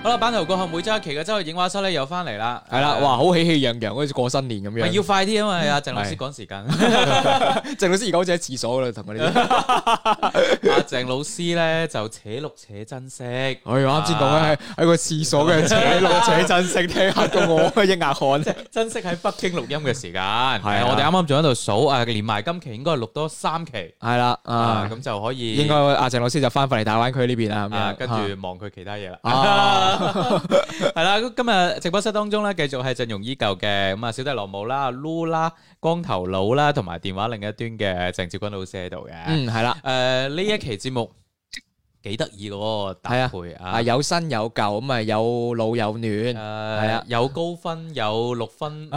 好啦，版頭過後每周一期嘅《周日映畫室》咧又翻嚟啦，係啦，哇，好喜氣洋洋，好似過新年咁樣。咪要快啲啊嘛，阿鄭老師趕時間。鄭老師而家好似喺廁所嗰度，同我哋。阿鄭老師咧就且錄且珍惜，我啱知道，咧喺個廁所嘅且錄且珍惜，聽下到我一額汗啫。珍惜喺北京錄音嘅時間，係我哋啱啱仲喺度數，誒，連埋今期應該係錄多三期，係啦，啊，咁就可以。應該阿鄭老師就翻返嚟大灣區呢邊啦，咁跟住望佢其他嘢啦。係啦，咁 今日直播室當中咧，繼續係陣容依舊嘅，咁、嗯、啊，小弟羅姆啦、l 盧啦、光頭佬啦，同埋電話另一端嘅鄭志軍老師喺度嘅，嗯，係啦，誒、呃，呢一期節目。幾得意嘅喎，搭配啊，有新有舊咁啊，有老有嫩，係啊，有高分有六分，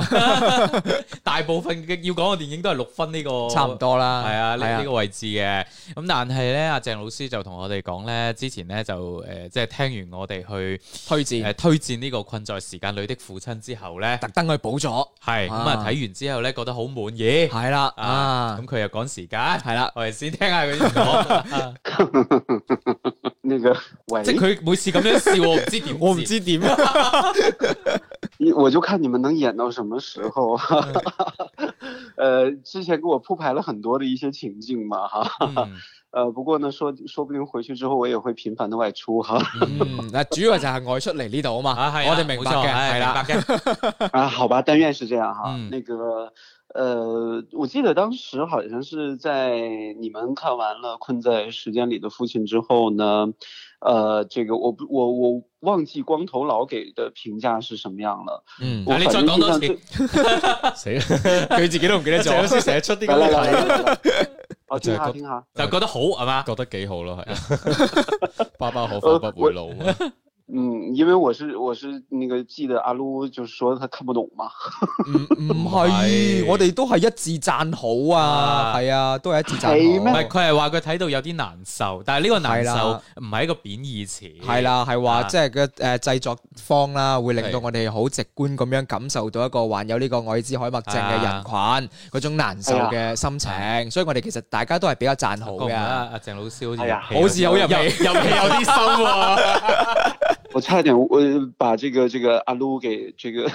大部分要講嘅電影都係六分呢個，差唔多啦，係啊，呢呢個位置嘅。咁但係咧，阿鄭老師就同我哋講咧，之前咧就誒，即係聽完我哋去推薦，誒推薦呢個困在時間裏的父親之後咧，特登去補咗，係咁啊，睇完之後咧覺得好滿意，係啦，啊，咁佢又趕時間，係啦，我哋先聽下佢講。那個，即佢每次咁樣笑，我唔知點，我唔知點啊！我就看你們能演到什麼時候？呃，之前給我鋪排了很多的一些情境嘛，哈。呃，不過呢，說說不定回去之後我也會頻繁的外出哈。嗯，主要就係外出嚟呢度啊嘛，我哋明白嘅，係明白嘅。啊，好吧，但願是這樣哈。那個。呃，我記得當時好像是在你們看完了《困在時間裏的父親》之後呢，呃，這個我我我忘記光頭佬給的評價是什麼樣了。嗯，哪裏轉港都給？誰？你就 自己都唔記得咗？寫 出啲咁嘅題。我，我覺，得覺得好係嘛？媽媽覺得幾好咯，係。爸爸可否不會老？嗯，因為我是我是那個記得阿露，就是說他看不懂嘛。唔唔係，我哋都係一致贊好啊，係啊，啊，都係一致贊好。係咩嗎？佢係話佢睇到有啲難受，但係呢個難受唔係一個貶義詞。係啦，係話即係嘅誒製作方啦，會令到我哋好直觀咁樣感受到一個患有呢個阿茲海默症嘅人群嗰、啊、種難受嘅心情，啊、所以我哋其實大家都係比較贊好嘅。阿鄭老師好似好似好入尤其有啲深。有 我差一點，我把這個這個阿 Lu 給這個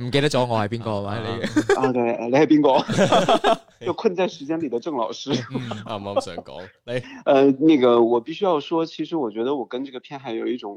唔、嗯、記得咗我係邊個係你？啊對，你係邊個？就 困在時間裏的鄭老師、 嗯。啊，我唔想講，嚟 來，呃，那個我必須要說，其實我覺得我跟這個片還有一種。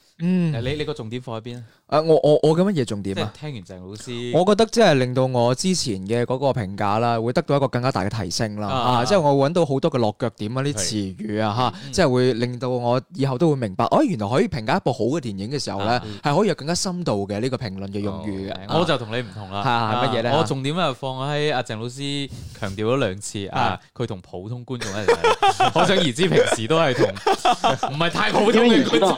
嗯，你你個重點放喺邊啊？誒，我我我嘅乜嘢重點啊？聽完鄭老師，我覺得即係令到我之前嘅嗰個評價啦，會得到一個更加大嘅提升啦。啊，即係我搵到好多嘅落腳點啊啲詞語啊吓，即係會令到我以後都會明白。哦，原來可以評價一部好嘅電影嘅時候咧，係可以有更加深度嘅呢個評論嘅用語嘅。我就同你唔同啦，係乜嘢咧？我重點啊放喺阿鄭老師強調咗兩次啊，佢同普通觀眾一齊。可想而知，平時都係同唔係太普通嘅觀眾。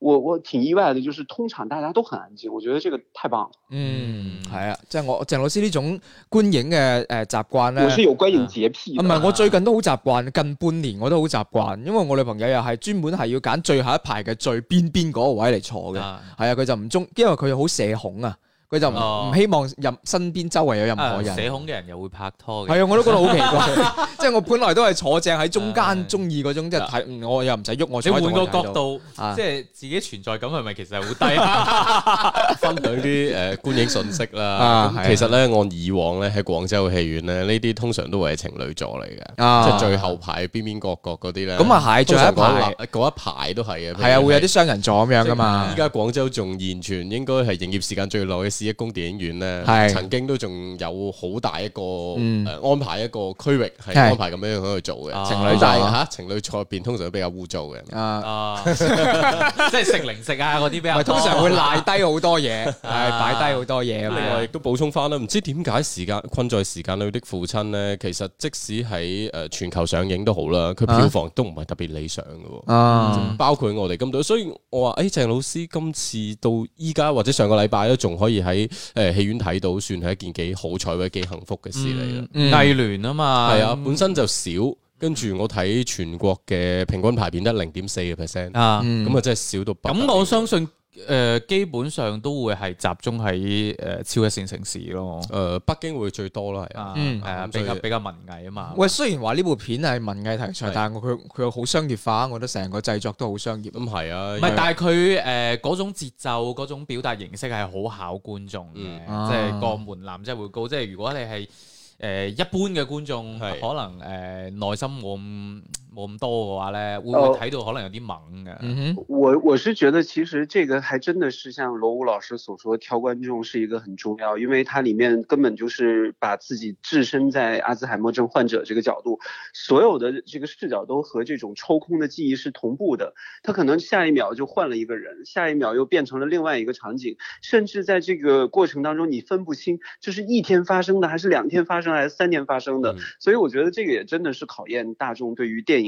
我我挺意外的，就是通常大家都很安靜，我覺得這個太棒了。嗯，係啊，即係我鄭老師呢種觀影嘅誒、呃、習慣咧，我是有觀影潔癖。唔係、嗯，我最近都好習慣，近半年我都好習慣，因為我女朋友又係專門係要揀最後一排嘅最邊邊嗰個位嚟坐嘅，係、嗯、啊，佢就唔中，因為佢好社恐啊。佢就唔希望任身邊周圍有任何人，社恐嘅人又會拍拖嘅？係啊，我都覺得好奇怪，即係我本來都係坐正喺中間，中意嗰種即係，我又唔使喐，我你換個角度，即係自己存在感係咪其實係好低？分隊啲誒觀影信息啦，其實咧，按以往咧喺廣州嘅戲院咧，呢啲通常都係情侶座嚟嘅，即係最後排邊邊角角嗰啲咧，咁啊係，最有一排嗰一排都係啊，係啊，會有啲雙人座咁樣噶嘛。依家廣州仲完全應該係營業時間最耐。市一公電影院咧，曾經都仲有好大一個安排，一個區域係安排咁樣去做嘅。情侶帶嚇，情侶坐入邊通常都比較污糟嘅。啊即係食零食啊嗰啲咩啊，通常會賴低好多嘢，係擺低好多嘢咁。另外亦都補充翻啦，唔知點解時間困在時間裏的父親咧，其實即使喺誒全球上映都好啦，佢票房都唔係特別理想㗎喎。包括我哋咁多，所以我話誒，鄭老師今次到依家或者上個禮拜都仲可以。喺誒戲院睇到，算係一件幾好彩或者幾幸福嘅事嚟啦。藝、嗯嗯、 聯啊嘛，係、嗯、啊，yeah, 本身就少，跟住我睇全國嘅平均排片得零點四個 percent 啊，咁啊真係少到。咁我相信。誒，基本上都會係集中喺誒超一線城市咯。誒，北京會最多咯，係啊，係啊，比較比較文藝啊嘛。喂，雖然話呢部片係文藝題材，但係我佢佢好商業化，我覺得成個製作都好商業。咁係啊，唔係，但係佢誒嗰種節奏、嗰種表達形式係好考觀眾嘅，即係個門檻即係會高。即係如果你係誒一般嘅觀眾，可能誒內心我。我咁多嘅話呢，會唔會睇到可能有啲猛嘅？我、uh huh. 我是覺得，其實這個還真的是像羅武老師所說，挑觀眾是一個很重要，因為它裏面根本就是把自己置身在阿茲海默症患者這個角度，所有的這個視角都和這種抽空的記憶是同步的。他可能下一秒就換了一個人，下一秒又變成了另外一個場景，甚至在這個過程當中你分不清，就是一天發生的，還是兩天發生，還是三天發生的。所以我覺得這個也真的是考驗大眾對於電影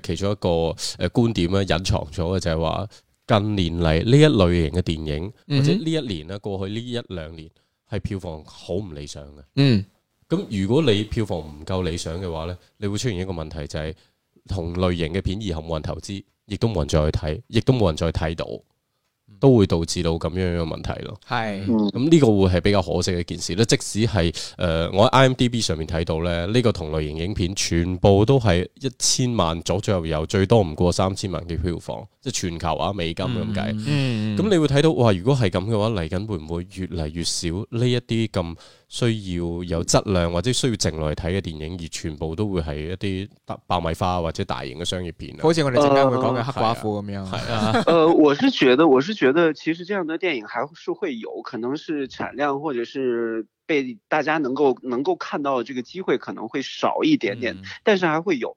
其中一個誒觀點咧，隱藏咗嘅就係話，近年嚟呢一類型嘅電影，嗯、哼或者呢一年咧，過去呢一兩年係票房好唔理想嘅。嗯，咁如果你票房唔夠理想嘅話咧，你會出現一個問題，就是，就係同類型嘅片以後冇人投資，亦都冇人再去睇，亦都冇人再睇到。都會導致到咁樣樣嘅問題咯，係，咁呢個會係比較可惜嘅一件事咧。即使係，誒，我喺 IMDB 上面睇到咧，呢個同類型影片全部都係一千萬左左右右，最多唔過三千萬嘅票房，即係全球啊美金咁計。咁你會睇到，哇！如果係咁嘅話，嚟緊會唔會越嚟越少呢一啲咁？這需要有質量或者需要靜落嚟睇嘅電影，而全部都會係一啲爆米花或者大型嘅商業片。好似我哋陣間會講嘅、呃《黑寡婦》咁樣。誒、啊 呃，我是覺得，我是覺得，其實這樣的電影還是會有可能是產量，或者是被大家能夠能夠看到嘅這個機會可能會少一點點，但是還會有。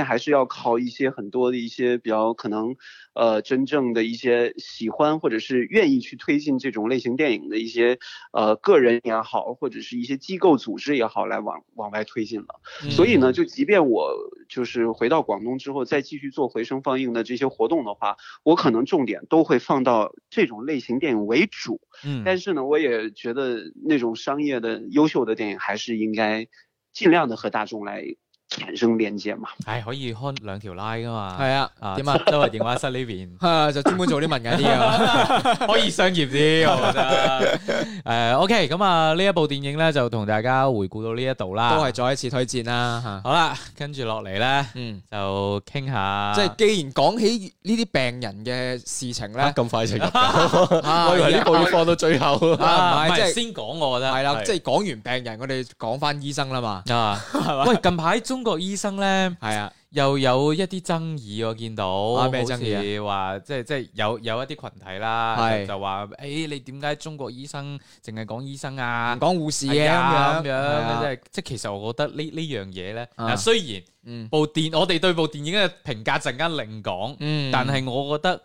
還是要靠一些很多的一些比較可能，呃，真正的一些喜歡或者是願意去推進這種類型電影的一些，呃，個人也好，或者是一些機構組織也好，來往往外推進了。嗯。所以呢，就即便我就是回到廣東之後，再繼續做回聲放映的這些活動的話，我可能重點都會放到這種類型電影為主。嗯。但是呢，我也覺得那種商業的優秀的電影，還是應該盡量的和大眾來。產生連接嘛，係可以看兩條拉噶嘛，係啊，點啊，都係電話室呢邊，就專門做啲文藝啲啊，可以商業啲，我覺得，誒 OK，咁啊呢一部電影咧就同大家回顧到呢一度啦，都係再一次推薦啦嚇，好啦，跟住落嚟咧，嗯，就傾下，即係既然講起呢啲病人嘅事情咧，咁快就入咗，我以為呢部要放到最後，唔係即係先講，我覺得，係啦，即係講完病人，我哋講返醫生啦嘛，啊，喂，近排中。中國醫生咧，係啊，又有一啲爭議，我見到，啊、咩爭議好似話即係即係有有一啲群體啦，是就話誒、哎、你點解中國醫生淨係講醫生啊，唔講護士啊咁、哎、呀樣，即係即係其實我覺得、這個、呢呢樣嘢咧，啊、雖然部電、嗯、我哋對部電影嘅評價陣間另講，嗯、但係我覺得。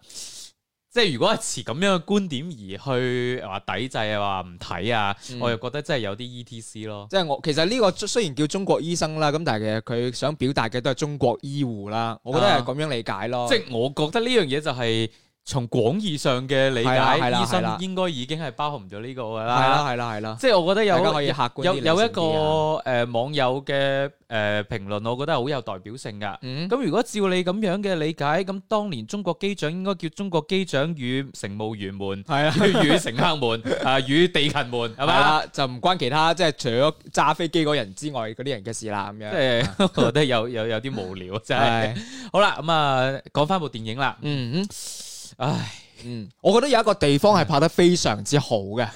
即係如果係持咁樣嘅觀點而去話抵制啊，話唔睇啊，我又覺得真係有啲 E.T.C. 咯、嗯即。即係我其實呢個雖然叫中國醫生啦，咁但係其實佢想表達嘅都係中國醫護啦。我覺得係咁樣理解咯。啊、即係我覺得呢樣嘢就係、是。從廣義上嘅理解，醫生應該已經係包含咗呢個噶啦。係啦，係啦，係啦。即係我覺得有，有有一個誒網友嘅誒評論，我覺得好有代表性噶。咁如果照你咁樣嘅理解，咁當年中國機長應該叫中國機長與乘務員們，與乘客們，啊與地勤們，係咪啊？就唔關其他，即係除咗揸飛機嗰人之外，嗰啲人嘅事啦，咁樣。即係我覺得有有有啲無聊，真係。好啦，咁啊，講翻部電影啦。嗯。唉，嗯，我覺得有一個地方係拍得非常之好嘅，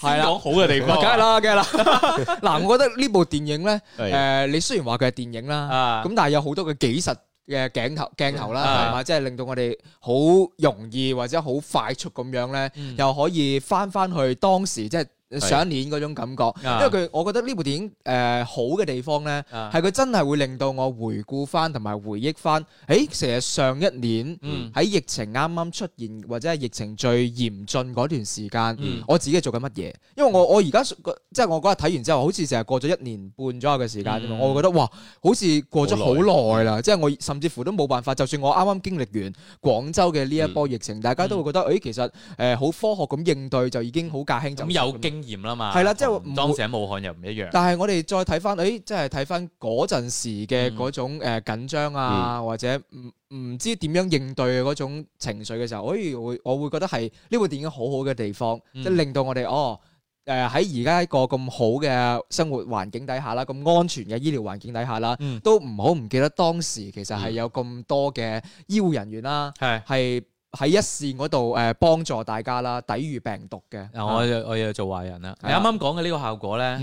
係啦的，哇講好嘅地方，梗係 啦，梗係啦。嗱，我覺得呢部電影咧，誒的、呃，你雖然話佢係電影啦，咁、啊、但係有好多嘅紀實嘅鏡頭鏡頭啦，係嘛、啊，即係、就是、令到我哋好容易或者好快速咁樣咧，嗯、又可以翻翻去當時即係。就是上一年嗰種感覺，因為佢，我覺得呢部電影誒、呃、好嘅地方咧，係佢真係會令到我回顧翻同埋回憶翻，誒成日上一年喺、嗯、疫情啱啱出現或者係疫情最嚴峻嗰段時間，嗯、我自己做緊乜嘢？因為我我而家即係我嗰日睇完之後，好似成日過咗一年半左右嘅時間，嗯、我覺得哇，好似過咗好耐啦！即係我甚至乎都冇辦法，就算我啱啱經歷完廣州嘅呢一波疫情，嗯嗯、大家都會覺得誒、欸，其實誒好、呃、科學咁應對就已經好駕輕就啱啦嘛，係啦，即係喺當時武漢又唔一樣。但係我哋再睇翻，誒、哎，即係睇翻嗰陣時嘅嗰種誒緊張啊，嗯、或者唔唔知點樣應對嗰種情緒嘅時候，我會，我會覺得係呢部電影好好嘅地方，即係、嗯、令到我哋，哦，誒喺而家一個咁好嘅生活環境底下啦，咁安全嘅醫療環境底下啦，嗯、都唔好唔記得當時其實係有咁多嘅醫護人員啦、啊，係、嗯。是喺一線嗰度誒，幫助大家啦，抵御病毒嘅。我我又做壞人啦。你啱啱講嘅呢個效果咧，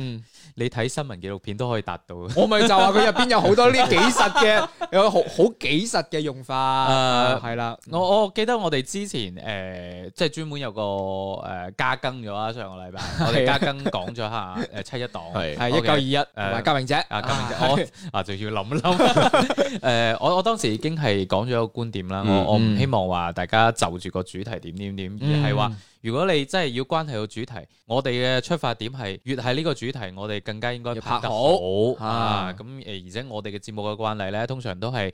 你睇新聞紀錄片都可以達到。我咪就話佢入邊有好多呢幾實嘅，有好好幾實嘅用法。誒，係啦，我我記得我哋之前誒，即係專門有個誒加更咗啊，上個禮拜我哋加更講咗下誒七一黨係一九二一誒革命者啊革命者，啊仲要諗一諗。誒，我我當時已經係講咗個觀點啦，我我唔希望話大家。家就住個主題點點點，而係話如果你真係要關係到主題，我哋嘅出發點係越係呢個主題，我哋更加應該拍得好，拍好啊！咁誒、啊，而且我哋嘅節目嘅慣例呢，通常都係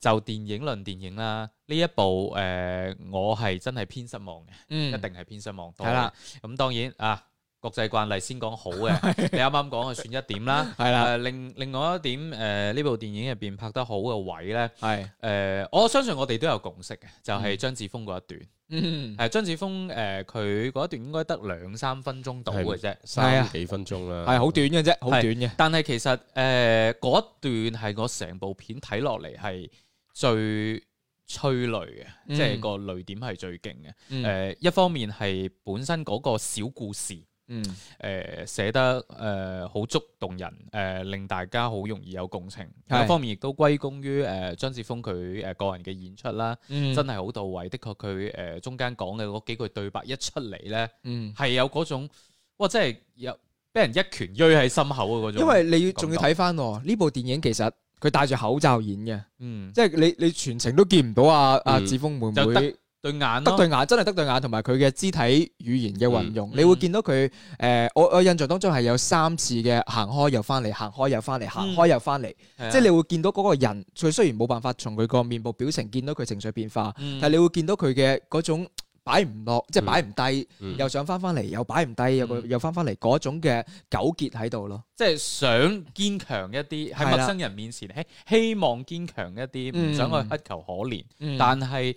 就電影論電影啦。呢一部誒、呃，我係真係偏失望嘅，嗯、一定係偏失望多。係啦了，咁當然啊。國際慣例先講好嘅，是的 你啱啱講係算一點啦，係啦是的、啊。另另外一點，誒、呃、呢部電影入邊拍得好嘅位咧，係誒是的、呃、我相信我哋都有共識嘅，就係、是、張子楓嗰一段，係、嗯呃、張子楓誒佢嗰一段應該得兩三分鐘到嘅啫，的三分幾分鐘啦，係好的短嘅啫，好短嘅。但係其實誒嗰、呃、一段係我成部片睇落嚟係最催淚嘅，即係、嗯、個淚點係最勁嘅。誒、嗯嗯呃、一方面係本身嗰個小故事。嗯，誒寫得誒好觸動人，誒令大家好容易有共情。另一方面亦都歸功於誒張子楓佢誒個人嘅演出啦，真係好到位。的確佢誒中間講嘅嗰幾句對白一出嚟咧，係有嗰種，哇！真係有俾人一拳鋭喺心口嘅嗰種。因為你要仲要睇翻呢部電影，其實佢戴住口罩演嘅，嗯，即係你你全程都見唔到阿阿子楓妹妹。對眼，得對眼，真係得對眼，同埋佢嘅肢體語言嘅運用，嗯、你會見到佢，誒、呃，我我印象當中係有三次嘅、嗯、行開又翻嚟，行開又翻嚟，行開又翻嚟，即係你會見到嗰個人，佢雖然冇辦法從佢個面部表情見到佢情緒變化，嗯、但係你會見到佢嘅嗰種擺唔落，嗯、即係擺唔低，又想翻翻嚟，又擺唔低，又個又翻翻嚟嗰種嘅糾結喺度咯。即係想堅強一啲，喺陌生人面前希、嗯、希望堅強一啲，唔想去乞求可憐，嗯、但係。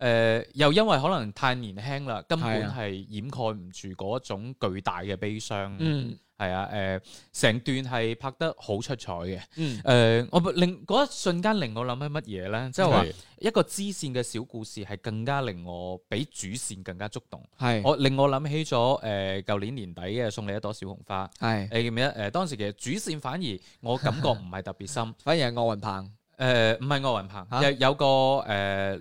誒、呃，又因為可能太年輕啦，根本係掩蓋唔住嗰種巨大嘅悲傷。的呃、嗯，係啊，誒，成段係拍得好出彩嘅。嗯，誒，我令嗰一瞬間令我諗起乜嘢咧？即係話一個支線嘅小故事係更加令我比主線更加觸動。係的，我令我諗起咗誒，舊、呃、年年底嘅《送你一朵小紅花》的。係、啊，你記唔記得？誒、呃，當時其實主線反而我感覺唔係特別深， 反而係岳雲鵬。誒唔係岳雲鵬，蛤有有個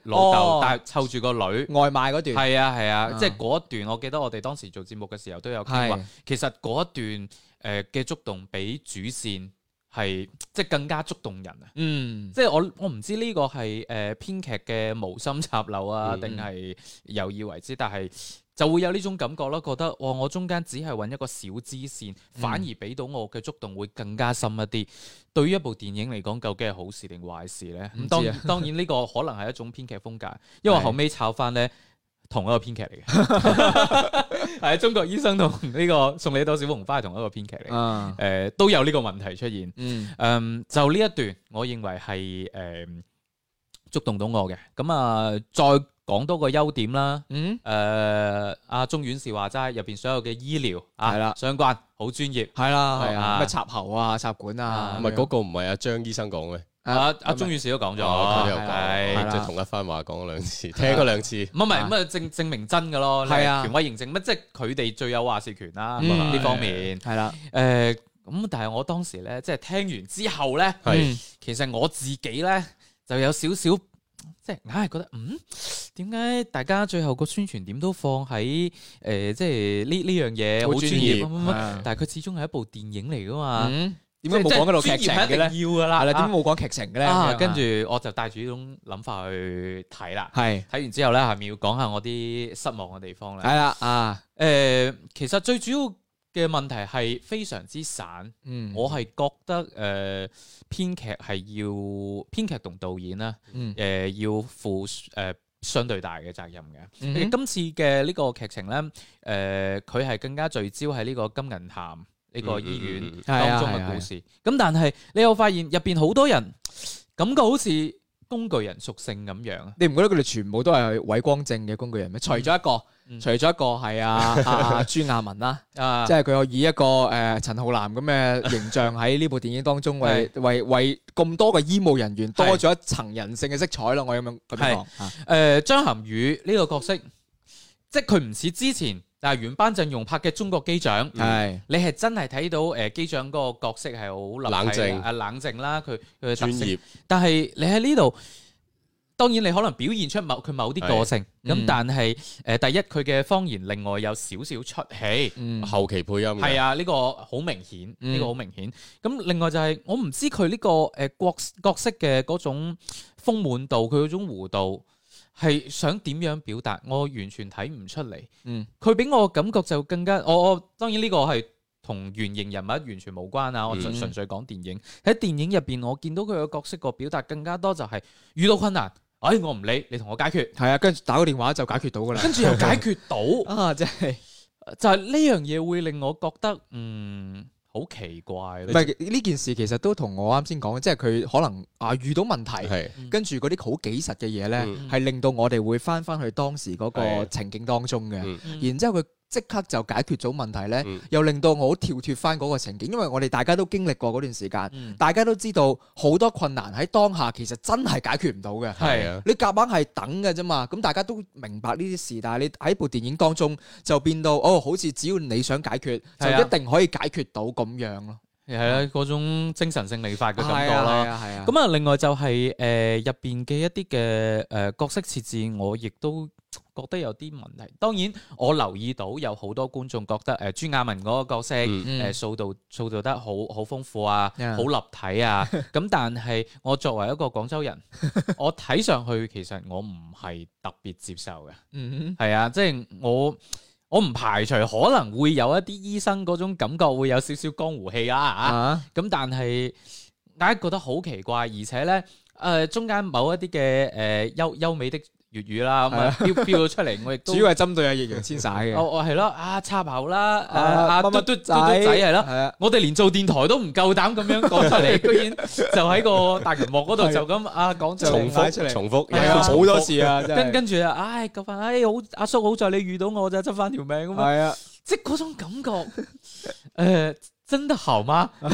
老豆，帶湊住個女外賣嗰段，係啊係啊，啊嗯、即係嗰一段，我記得我哋當時做節目嘅時候都有講過。是其實嗰一段誒嘅、呃、觸動比主線。係即係更加觸動人啊！嗯，即係我我唔知呢個係誒、呃、編劇嘅無心插柳啊，定係有意為之？但係就會有呢種感覺咯，覺得哇、哦！我中間只係揾一個小支線，反而俾到我嘅觸動會更加深一啲。嗯、對於一部電影嚟講，究竟係好事定壞事呢？咁、嗯、當、啊、當然呢個可能係一種編劇風格， 因為後尾炒翻呢。同一個編劇嚟嘅，係《中國醫生》同呢個《送你一朵小紅花》係同一個編劇嚟，誒都有呢個問題出現，嗯，嗯，就呢一段我認為係誒觸動到我嘅，咁啊再講多個優點啦，嗯，誒阿鐘院士話齋入邊所有嘅醫療係啦相關好專業，係啦，咩插喉啊插管啊，唔係嗰個唔係阿張醫生講嘅。阿阿鐘院士都講咗，即係同一番話講咗兩次，聽過兩次。唔係唔係，咁啊，證證明真嘅咯，權威認證。乜即係佢哋最有話事權啦，呢方面。係啦，誒，咁但係我當時咧，即係聽完之後咧，其實我自己咧就有少少，即係硬係覺得，嗯，點解大家最後個宣傳點都放喺誒，即係呢呢樣嘢好專業，但係佢始終係一部電影嚟噶嘛。點解冇講嗰套劇情嘅咧？要㗎啦，係啦，點解冇講劇情嘅咧？跟住、啊啊、我就帶住呢種諗法去睇啦。係睇是完之後咧，下面要講下我啲失望嘅地方咧。係啦，啊，誒、呃，其實最主要嘅問題係非常之散。嗯、我係覺得誒編劇係要編劇同導演啦。誒、嗯呃、要負誒、呃、相對大嘅責任嘅、嗯哼呃。今次嘅呢個劇情咧，誒佢係更加聚焦喺呢個金銀潭，呢個醫院當中嘅故事，咁、啊啊啊啊、但係你又發現入邊好多人感覺好似工具人屬性咁樣，你唔覺得佢哋全部都係偉光正嘅工具人咩？除咗一個，嗯、除咗一個係阿朱亞文啦，即係佢可以一個誒陳浩南咁嘅形象喺呢部電影當中為為為咁多嘅醫務人員多咗一層人性嘅色彩咯，我有冇咁講？係誒，張涵予呢個角色，即係佢唔似之前。但係原班陣容拍嘅《中國機長》嗯，係是你係真係睇到誒機長嗰個角色係好冷靜，誒冷靜啦，佢佢嘅特色。業但係你喺呢度，當然你可能表現出某佢某啲個性，咁是、嗯、但係誒、呃、第一佢嘅方言另外有少少出戲，嗯、後期配音係啊，呢、這個好明顯，呢、這個好明顯。咁、嗯嗯、另外就係我唔知佢呢、這個誒角、呃、角色嘅嗰種豐滿度，佢嗰種弧度。係想點樣表達？我完全睇唔出嚟。嗯，佢俾我感覺就更加，我我當然呢個係同原型人物完全無關啊。我純粹講電影喺電影入邊，我見到佢嘅角色個表達更加多就係、是、遇到困難，哎，我唔理，你同我解決。係啊，跟住打個電話就解決到噶啦。跟住又解決到 啊，即係就係呢樣嘢會令我覺得嗯。好奇怪，唔係呢件事其實都同我啱先講嘅，即係佢可能啊遇到問題，是跟住嗰啲好紀實嘅嘢咧，係是令到我哋會返返去當時嗰個情景當中嘅，的然之後佢。即刻就解決咗問題咧，嗯、又令到我跳脫翻嗰個情景。因為我哋大家都經歷過嗰段時間，嗯、大家都知道好多困難喺當下其實真係解決唔到嘅。係啊，你夾硬係等嘅啫嘛。咁大家都明白呢啲事，但係你喺部電影當中就變到哦，好似只要你想解決，就一定可以解決到咁樣咯。係啊，嗰、嗯啊、種精神勝利法嘅感覺啦。係啊，係啊。咁啊，啊，另外就係誒入邊嘅一啲嘅誒角色設置，我亦都。覺得有啲問題，當然我留意到有好多觀眾覺得誒、呃、朱亞文嗰個角色誒塑造塑造得好好豐富啊，好、嗯、立體啊。咁 但係我作為一個廣州人，我睇上去其實我唔係特別接受嘅。嗯哼，係啊，即、就、係、是、我我唔排除可能會有一啲醫生嗰種感覺會有少少江湖氣啊。咁、啊、但係大家覺得好奇怪，而且咧誒、呃、中間某一啲嘅誒優優美的。粵語啦，咁啊飆飆咗出嚟，我亦都主要係針對阿易揚先生嘅。哦哦係咯，啊插喉啦，阿阿嘟嘟仔係咯，我哋連做電台都唔夠膽咁樣講出嚟，居然就喺個大熒幕嗰度就咁啊講重複出嚟，重複好多次啊！跟跟住啊，唉夠翻，唉好阿叔好在你遇到我就執翻條命啊嘛！係啊，即係嗰種感覺誒。真的好嗎？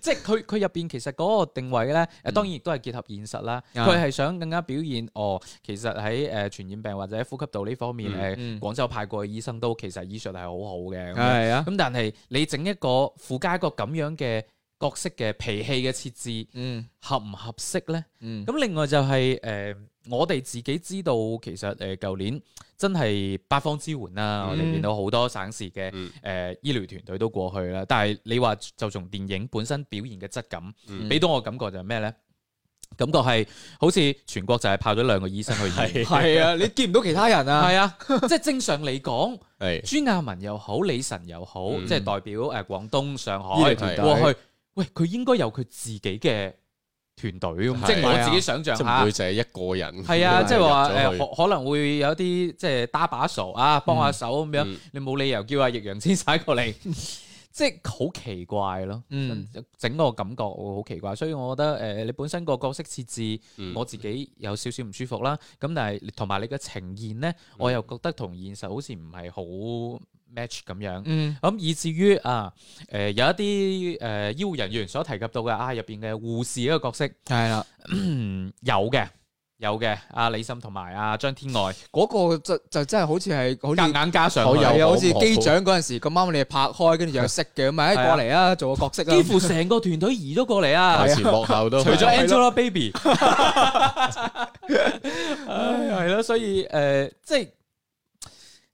即係佢佢入邊其實嗰個定位呢，誒當然亦都係結合現實啦。佢係、嗯、想更加表現，哦，其實喺誒傳染病或者呼吸道呢方面，誒廣、嗯、州派過嘅醫生都其實醫術係好好嘅。係啊，咁但係你整一個附加一個咁樣嘅角色嘅脾氣嘅設置，嗯、合唔合適呢？咁、嗯、另外就係、是、誒。呃我哋自己知道，其實誒舊年真係八方支援啦。我哋見到好多省市嘅誒醫療團隊都過去啦。但係你話就從電影本身表現嘅質感，俾到我感覺就係咩呢？感覺係好似全國就係派咗兩個醫生去，係啊，你見唔到其他人啊？係啊，即係正常嚟講，朱亞文又好，李晨又好，即係代表誒廣東、上海過去。喂，佢應該有佢自己嘅。團隊咁，即係我自己想象唔，啊、會就係一個人。係啊，即係話誒，可，呃、可能會有啲即係搭把手啊，幫下手咁樣。你冇理由叫阿易陽先駛過嚟。 即係好奇怪咯，嗯、整個感覺會好奇怪，所以我覺得誒、呃，你本身個角色設置，嗯、我自己有少少唔舒服啦。咁但係同埋你嘅呈現咧，嗯、我又覺得同現實好似唔係好 match 咁樣。咁、嗯嗯、以至於啊，誒、呃、有一啲誒、呃、醫護人員所提及到嘅啊入邊嘅護士一個角色係啦的， 有嘅。有嘅，阿李心同埋阿張天愛，嗰個就就真係好似係，好夾硬加上。係啊，好似機長嗰陣時咁啱你拍開，跟住又識嘅，咁咪一過嚟啊，做個角色啊，幾乎成個團隊移咗過嚟啊，前幕後都，除咗 Angelababy，唉，係啦，所以誒，即係。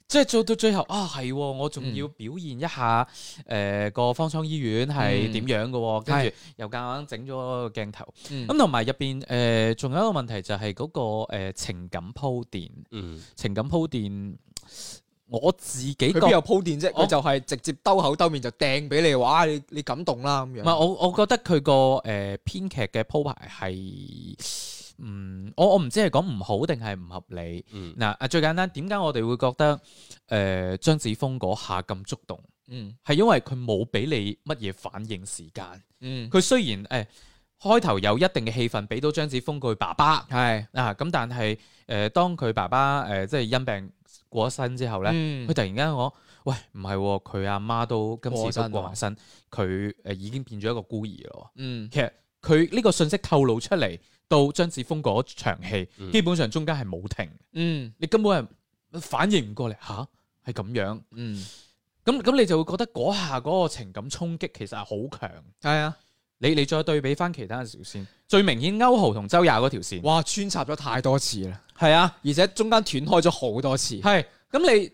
即係做到最後啊，係我仲要表現一下誒個、呃、方艙醫院係點樣嘅，跟住又夾硬整咗個鏡頭。咁同埋入邊誒，仲、呃、有一個問題就係嗰、那個誒情感鋪墊。情感鋪墊，嗯，我自己都有鋪墊啫，我就係直接兜口兜面就掟俾你哇，你你感動啦咁樣。唔係我，我覺得佢個誒編劇嘅鋪排係。 嗯，我我唔知係講唔好定係唔合理。嗱啊、嗯，最簡單，點解我哋會覺得誒張、呃、子楓嗰下咁觸動？嗯，係因為佢冇俾你乜嘢反應時間。嗯，佢雖然誒、呃、開頭有一定嘅氣氛，俾到張子楓，佢爸爸係、嗯、啊，咁但係誒、呃、當佢爸爸誒、呃、即係因病過咗身之後咧，佢、嗯、突然間我喂唔係佢阿媽都今次都過身，佢誒已經變咗一個孤兒咯。嗯，其實佢呢個信息透露出嚟。到張子楓嗰場戲，嗯、基本上中間係冇停，嗯，你根本係反應唔過嚟，吓、啊，係咁樣，嗯，咁咁你就會覺得嗰下嗰個情感衝擊其實係好強，係啊，你你再對比翻其他條線，最明顯歐豪同周亞嗰條線，哇，穿插咗太多次啦，係啊，而且中間斷開咗好多次，係，咁你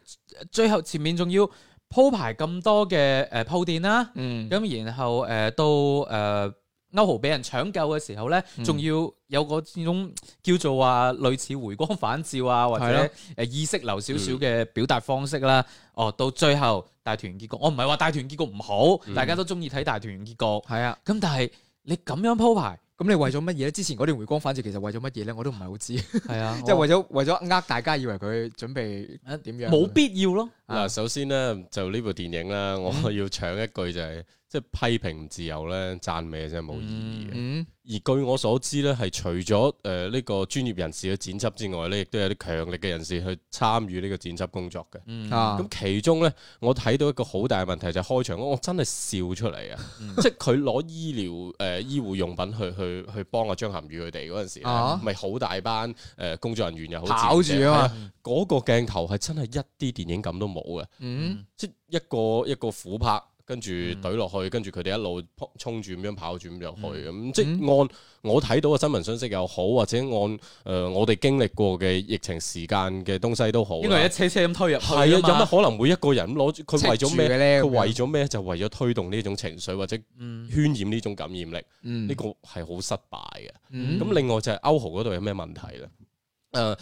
最後前面仲要鋪排咁多嘅誒鋪墊啦，嗯，咁然後誒、呃、到誒。呃呃歐豪俾人搶救嘅時候咧，仲要有個呢種叫做話類似回光返照啊，或者誒意識留少少嘅表達方式啦。哦，到最後大團圓結局，我唔係話大團圓結局唔好，大家都中意睇大團圓結局。係啊、嗯，咁但係你咁樣鋪排，咁你為咗乜嘢咧？之前嗰段回光返照其實為咗乜嘢咧？我都唔係好知。係啊，即係 為咗我 為咗呃大家以為佢準備點樣？冇必要咯。嗱，首先咧就呢部電影啦，我要搶一句就係、是。哦即係批評唔自由咧，讚美真係冇意義嘅。嗯、而據我所知咧，係除咗誒呢個專業人士嘅剪輯之外咧，亦都有啲強力嘅人士去參與呢個剪輯工作嘅。咁、嗯啊、其中咧，我睇到一個好大嘅問題就係、是、開場我真係笑出嚟啊！ 即係佢攞醫療誒、呃、醫護用品去去去幫阿張涵予。佢哋嗰陣時咪好大班誒、呃、工作人員又跑住啊！嗰個鏡頭係真係一啲電影感都冇嘅。嗯、即係一個一個俯拍。跟住懟落去，嗯、跟住佢哋一路衝住咁樣跑住咁入去咁，嗯、即按我睇到嘅新聞信息又好，或者按誒、呃、我哋經歷過嘅疫情時間嘅東西都好。因為一車車咁推入去係啊，有乜是嘛可能每一個人攞住佢為咗咩？佢為咗咩？就為咗推動呢種情緒或者渲染呢種感染力。呢、嗯嗯、個係好失敗嘅。咁、嗯、另外就係歐豪嗰度有咩問題咧？誒、呃。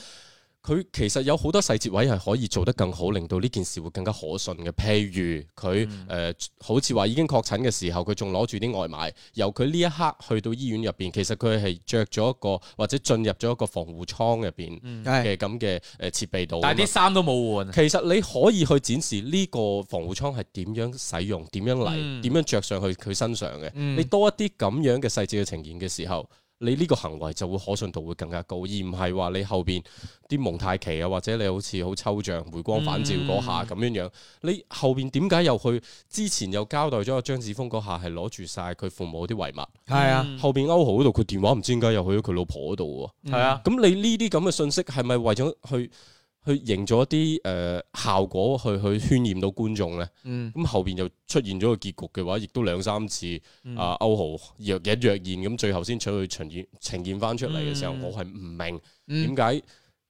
佢其實有好多細節位係可以做得更好，令到呢件事會更加可信嘅。譬如佢誒、嗯呃，好似話已經確診嘅時候，佢仲攞住啲外賣，由佢呢一刻去到醫院入邊，其實佢係着咗一個或者進入咗一個防護艙入邊嘅咁嘅誒設備度。但係啲衫都冇換。其實你可以去展示呢個防護艙係點樣使用、點樣嚟、點、嗯、樣着上去佢身上嘅。嗯、你多一啲咁樣嘅細節嘅呈現嘅時候。你呢個行為就會可信度會更加高，而唔係話你後邊啲蒙太奇啊，或者你好似好抽象、回光返照嗰下咁樣樣。嗯、你後邊點解又去之前又交代咗阿張子峰嗰下係攞住晒佢父母啲遺物？係啊、嗯，後邊歐豪嗰度佢電話唔知點解又去咗佢老婆嗰度喎。係啊、嗯，咁你呢啲咁嘅信息係咪為咗去？去營咗啲誒效果去去渲染到觀眾咧，咁、嗯、後邊就出現咗個結局嘅話，亦都兩三次啊、嗯呃、歐豪若隱若現，咁最後先取去呈現呈現返出嚟嘅時候，嗯、我係唔明點解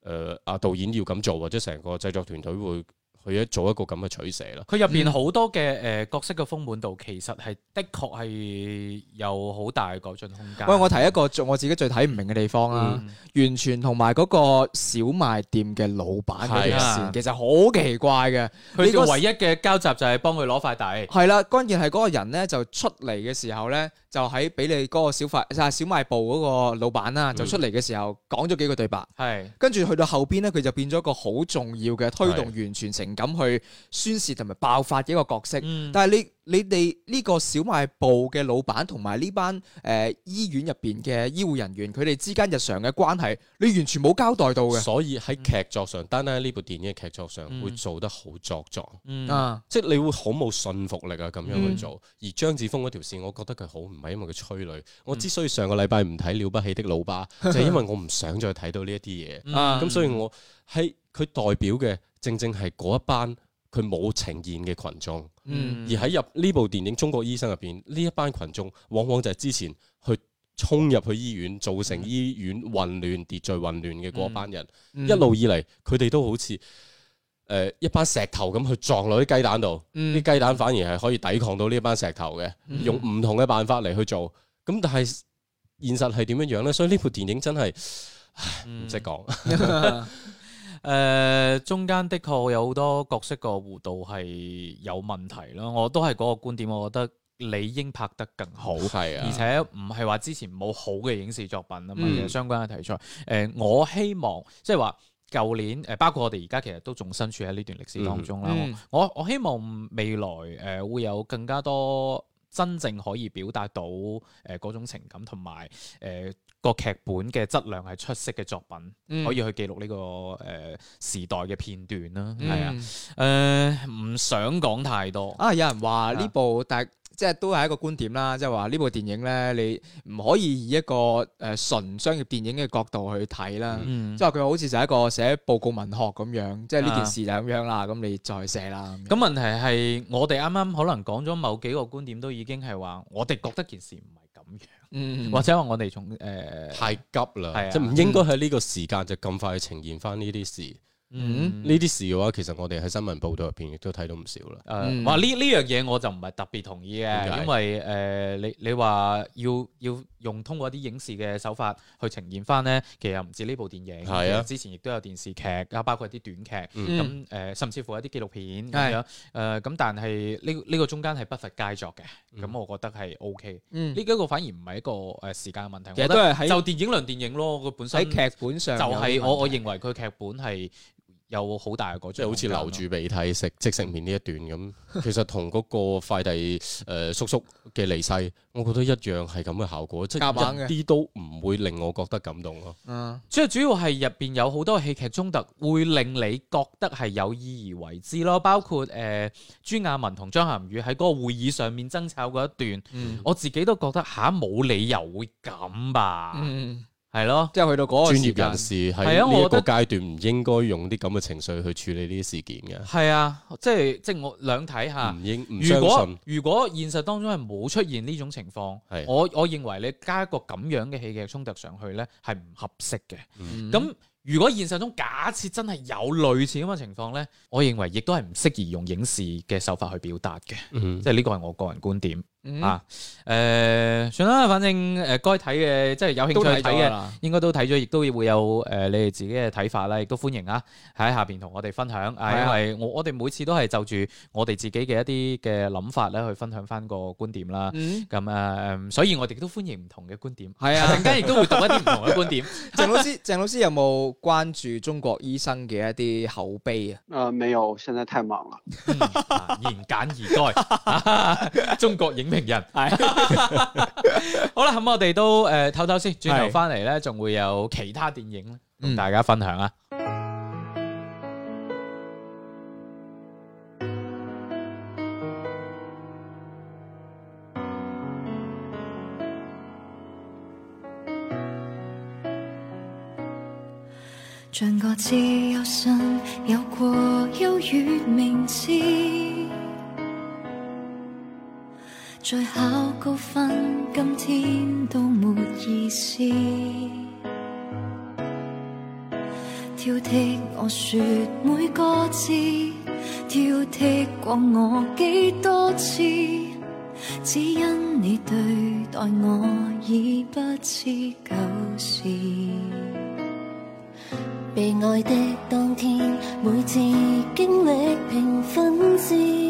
誒阿導演要咁做或者成個製作團隊會。佢一做一個咁嘅取捨啦，佢入邊好多嘅誒角色嘅豐滿度，其實係的確係有好大嘅改進空間。餵我提一個最我自己最睇唔明嘅地方啦、啊，嗯、完全同埋嗰個小賣店嘅老闆、嗯、其實好奇怪嘅。佢呢、啊呢個、個唯一嘅交集就係幫佢攞快遞。係啦、呢個啊，關鍵係嗰個人呢，就出嚟嘅時候呢。就喺俾你嗰個小賣，就係小賣部嗰個老闆啦，就出嚟嘅時候講咗幾個對白，係、嗯、跟住去到後邊咧，佢就變咗一個好重要嘅推動完全情感去宣泄同埋爆發嘅一個角色，但係你。你哋呢個小賣部嘅老闆同埋呢班誒醫院入邊嘅醫護人員，佢哋之間日常嘅關係，你完全冇交代到嘅。所以喺劇作上，單單喺呢部電影嘅劇作上，會做得好作作啊！即係你會好冇信服力啊！咁樣去做，而張子楓嗰條線，我覺得佢好唔係因為佢催淚。我之所以上個禮拜唔睇《了不起的老爸》，就係因為我唔想再睇到呢一啲嘢。咁所以我喺佢代表嘅，正正係嗰一班。佢冇呈現嘅羣眾，嗯、而喺入呢部電影《中國醫生》入邊，呢一班群眾往往就係之前去衝入去醫院，造成醫院混亂、秩序混亂嘅嗰班人。嗯嗯、一路以嚟，佢哋都好似誒、呃、一班石頭咁去撞落啲雞蛋度，啲、嗯、雞蛋反而係可以抵抗到呢班石頭嘅，嗯、用唔同嘅辦法嚟去做。咁但係現實係點樣樣呢？所以呢部電影真係唉、唔識講。 誒、呃，中間的確有好多角色個弧度係有問題囉，我都係嗰個觀點，我覺得理應拍得更好，啊、而且唔係話之前冇好嘅影視作品啊嘛，嗯、相關嘅題材。誒、呃，我希望即係話舊年誒、呃，包括我哋而家其實都仲身處喺呢段歷史當中啦。嗯嗯、我我希望未來誒、呃、會有更加多真正可以表達到誒嗰、呃、種情感同埋誒。個劇本嘅質量係出色嘅作品，嗯、可以去記錄呢、這個誒、呃、時代嘅片段啦，係、嗯、啊，誒唔、呃、想講太多啊！有人話呢部，啊、但即係都係一個觀點啦，即係話呢部電影咧，你唔可以以一個誒、呃、純商業電影嘅角度去睇啦，嗯、即係話佢好似就係一個寫報告文學咁樣，嗯、即係呢件事就咁樣啦，咁、啊、你再寫啦。咁問題係我哋啱啱可能講咗某幾個觀點，都已經係話我哋覺得件事唔。嗯，或者話我哋、呃、太急啦，即係唔應該喺呢個時間、嗯、就咁快去呈現翻呢啲事。嗯，呢啲事嘅話，其實我哋喺新聞報道入邊亦都睇到唔少啦。誒，話呢呢樣嘢我就唔係特別同意嘅，因為誒，你你話要要用通過一啲影視嘅手法去呈現翻咧，其實唔止呢部電影，係啊，之前亦都有電視劇啊，包括一啲短劇，咁誒，甚至乎一啲紀錄片咁樣。誒，咁但係呢呢個中間係不乏佳作嘅，咁我覺得係 OK。呢個反而唔係一個誒時間嘅問題，其實都係就電影論電影咯，佢本身喺劇本上就係我我認為佢劇本係。有大好大個，即係好似留住鼻涕食即食麵呢一段咁， 其實同嗰個快遞誒、呃、叔叔嘅離世，我覺得一樣係咁嘅效果，硬硬即係一啲都唔會令我覺得感動咯、啊。嗯，即係主要係入邊有好多戲劇衝突，會令你覺得係有意而為之咯。包括誒、呃、朱亞文同張涵予喺嗰個會議上面爭吵嗰一段，嗯、我自己都覺得嚇冇理由會咁吧。嗯。係咯，即係去到嗰個專業人士個事件係啊，我呢一個階段唔應該用啲咁嘅情緒去處理呢啲事件嘅。係啊，即係即係我兩睇下。唔應唔相信。如果如果現實當中係冇出現呢種情況，是我我認為你加一個咁樣嘅戲劇衝突上去咧，係唔合適嘅。咁、嗯、如果現實中假設真係有類似咁嘅情況咧，我認為亦都係唔適宜用影視嘅手法去表達嘅。嗯嗯、即係呢個係我個人觀點。 嗯、啊，誒，算啦，反正誒，該睇嘅即係有興趣睇嘅，應該都睇咗，亦都，都會有誒、呃，你哋自己嘅睇法啦，亦都歡迎啊，喺下邊同我哋分享。係、啊、因為我我哋每次都係就住我哋自己嘅一啲嘅諗法咧去分享翻個觀點啦。咁誒、嗯啊，所以我哋都歡迎唔同嘅觀點。係啊，陣間亦都會讀一啲唔同嘅觀點。鄭 老師，鄭老師有冇關注中國醫生嘅一啲口碑啊？誒、呃，沒有，現在太忙啦 、嗯。言簡意賅、啊，中國影。名人係， 好啦，咁我哋都誒，透透先，轉頭翻嚟咧，仲會有其他電影同大家分享啊！像個自由身，有過優越名字。再考高分，今天都沒意思。挑剔我說每個字，挑剔過我幾多次？只因你對待我已不似舊時。被愛的當天，每次經歷平分之。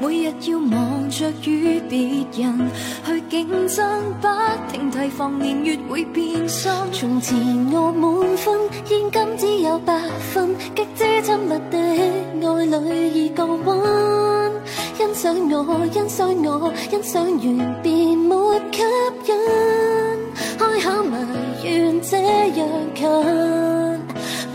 每日要忙着與別人去競爭，不停提防年月會變心。從 前我滿分，現今只有八分。極之親密的愛侶已降溫，欣賞我，欣賞我，欣賞完便沒吸引。開口埋怨這樣近。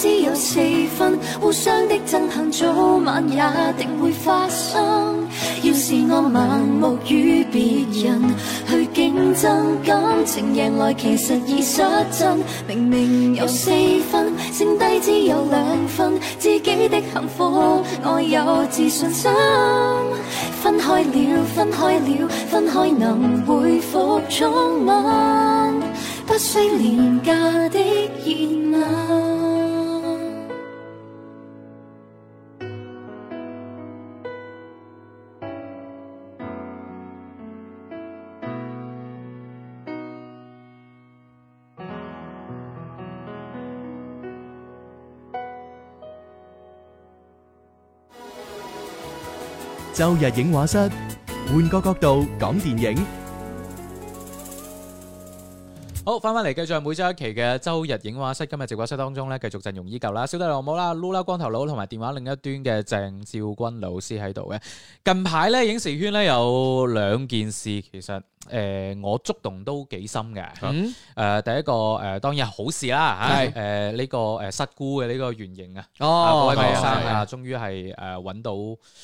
只有四分，互相的憎恨早晚也定會發生。要是我盲目與別人去競爭感情，贏來其實已失真。明明有四分，剩低只有兩分，自己的幸福我有自信心。分開了，分開了，分開能回復初吻，不需廉價的熱吻。周日影畫室，換個角度講電影。好，翻返嚟繼續每周一期嘅周日影畫室。今日直播室當中咧，繼續陣容依舊啦，小弟羅姆啦、嚕啦光頭佬同埋電話另一端嘅鄭照君老師喺度嘅。近排咧，影視圈咧有兩件事，其實。誒，我觸動都幾深嘅。誒，第一個誒，當然係好事啦吓。誒，呢個誒失孤嘅呢個原型啊，哦，係咪啊，終於係誒揾到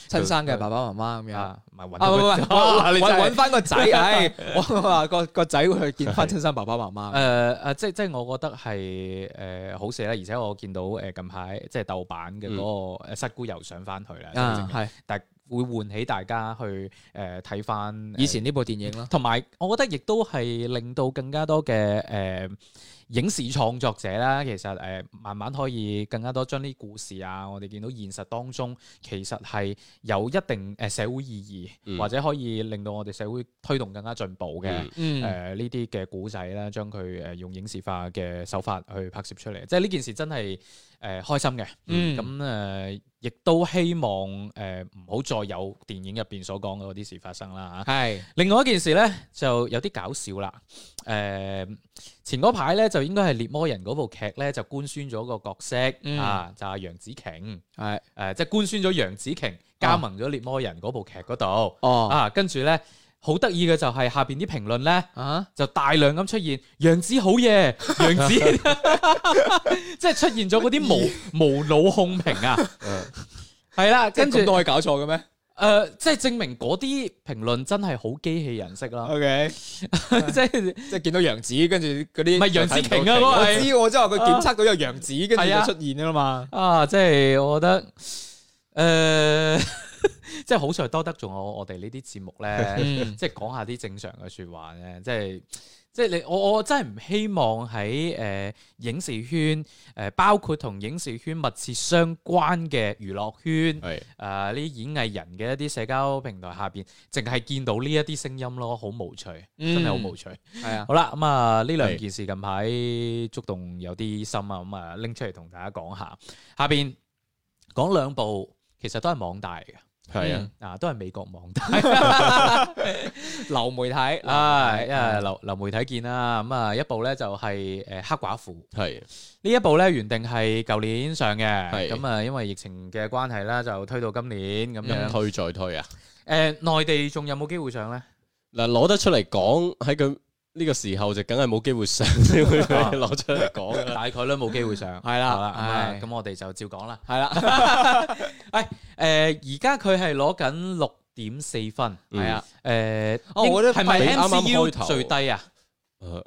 親生嘅爸爸媽媽咁樣，唔係揾揾揾翻個仔，係個個仔會去見翻親生爸爸媽媽。誒誒，即係即係，我覺得係誒好事咧。而且我見到誒近排即係豆瓣嘅嗰個誒失孤又上翻去啦，係，但係。會喚起大家去誒睇返以前呢部電影咯，同埋我覺得亦都係令到更加多嘅誒、呃、影視創作者啦。其實誒、呃、慢慢可以更加多將啲故事啊，我哋見到現實當中其實係有一定誒、呃、社會意義，嗯、或者可以令到我哋社會推動更加進步嘅誒呢啲嘅古仔啦，將佢誒、呃、用影視化嘅手法去拍攝出嚟。即係呢件事真係。誒、呃，開心嘅，咁誒、嗯呃，亦都希望誒，唔、呃、好再有電影入邊所講嗰啲事發生啦吓。係、啊，是另外一件事咧，就有啲搞笑啦。誒、呃，前嗰排咧就應該係獵魔人嗰部劇咧就官宣咗個角色、嗯、啊，就係楊紫瓊。係是，誒、呃，即、就、係、是、官宣咗楊紫瓊加盟咗獵魔人嗰部劇嗰度。哦，啊，跟住咧。好得意嘅就係下邊啲評論咧，就大量咁出現楊子好嘢，楊子即係出現咗嗰啲無無腦控評啊，係啦，跟住都係搞錯嘅咩？誒，即係證明嗰啲評論真係好機器人式啦，O K，即係即係見到楊子，跟住嗰啲唔係楊子琦啊，我知我即係話佢檢測到有個楊子，跟住出現啊嘛，啊，即係我覺得誒。即係 好彩多得，仲有我哋呢啲節目呢， 即係講下啲正常嘅說話呢。即係即係你，我我真係唔希望喺誒、呃、影視圈誒、呃，包括同影視圈密切相關嘅娛樂圈，係誒呢演藝人嘅一啲社交平台下邊，淨係見到呢一啲聲音咯，好無趣，真係、嗯、好無趣。係、嗯、啊，好啦，咁啊呢兩件事近排觸動有啲心啊，咁啊拎出嚟同大家講下。下邊講兩部，其實都係網大嘅。係、嗯、啊，嗱，都係美國網大流 媒體，媒體啊，一係流流媒體見啦，咁、嗯、啊一部咧就係、是、誒、呃、黑寡婦，係呢是的 一部咧原定係舊年上嘅，咁啊是的、嗯、因為疫情嘅關係啦，就推到今年咁樣，推再推啊，誒內、呃、地仲有冇機會上咧？嗱，攞得出嚟講喺佢。呢個時候就梗係冇機會上，先會攞出嚟講。大概都冇機會上。係啦，咁我哋就照講啦。係啦，誒，誒，而家佢係攞緊六點四分，係啊，誒，係咪 M C U 最低啊？誒，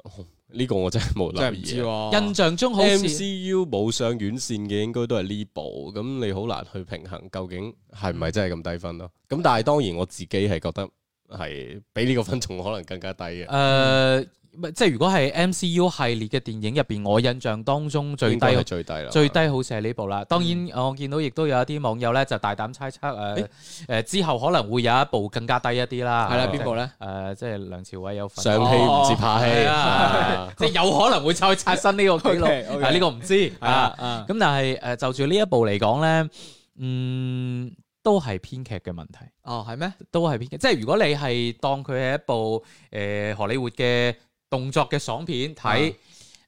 呢個我真係冇諗。印象中，M C U 冇上院線嘅，應該都係呢部。咁你好難去平衡，究竟係唔係真係咁低分咯？咁但係當然，我自己係覺得。係比呢個分重可能更加低嘅，誒，即係如果係 MCU 系列嘅電影入邊，我印象當中最低最低啦，最低好似係呢部啦。當然，我見到亦都有一啲網友咧就大膽猜測，誒，誒之後可能會有一部更加低一啲啦。係啦，邊部咧？誒，即係梁朝偉有份上戲唔接拍戲，即係有可能會再刷新呢個紀錄，呢個唔知啊。咁但係誒，就住呢一部嚟講咧，嗯。都係編劇嘅問題。哦，係咩？都係編劇。即係如果你係當佢係一部誒、呃，荷里活嘅動作嘅爽片睇，誒、啊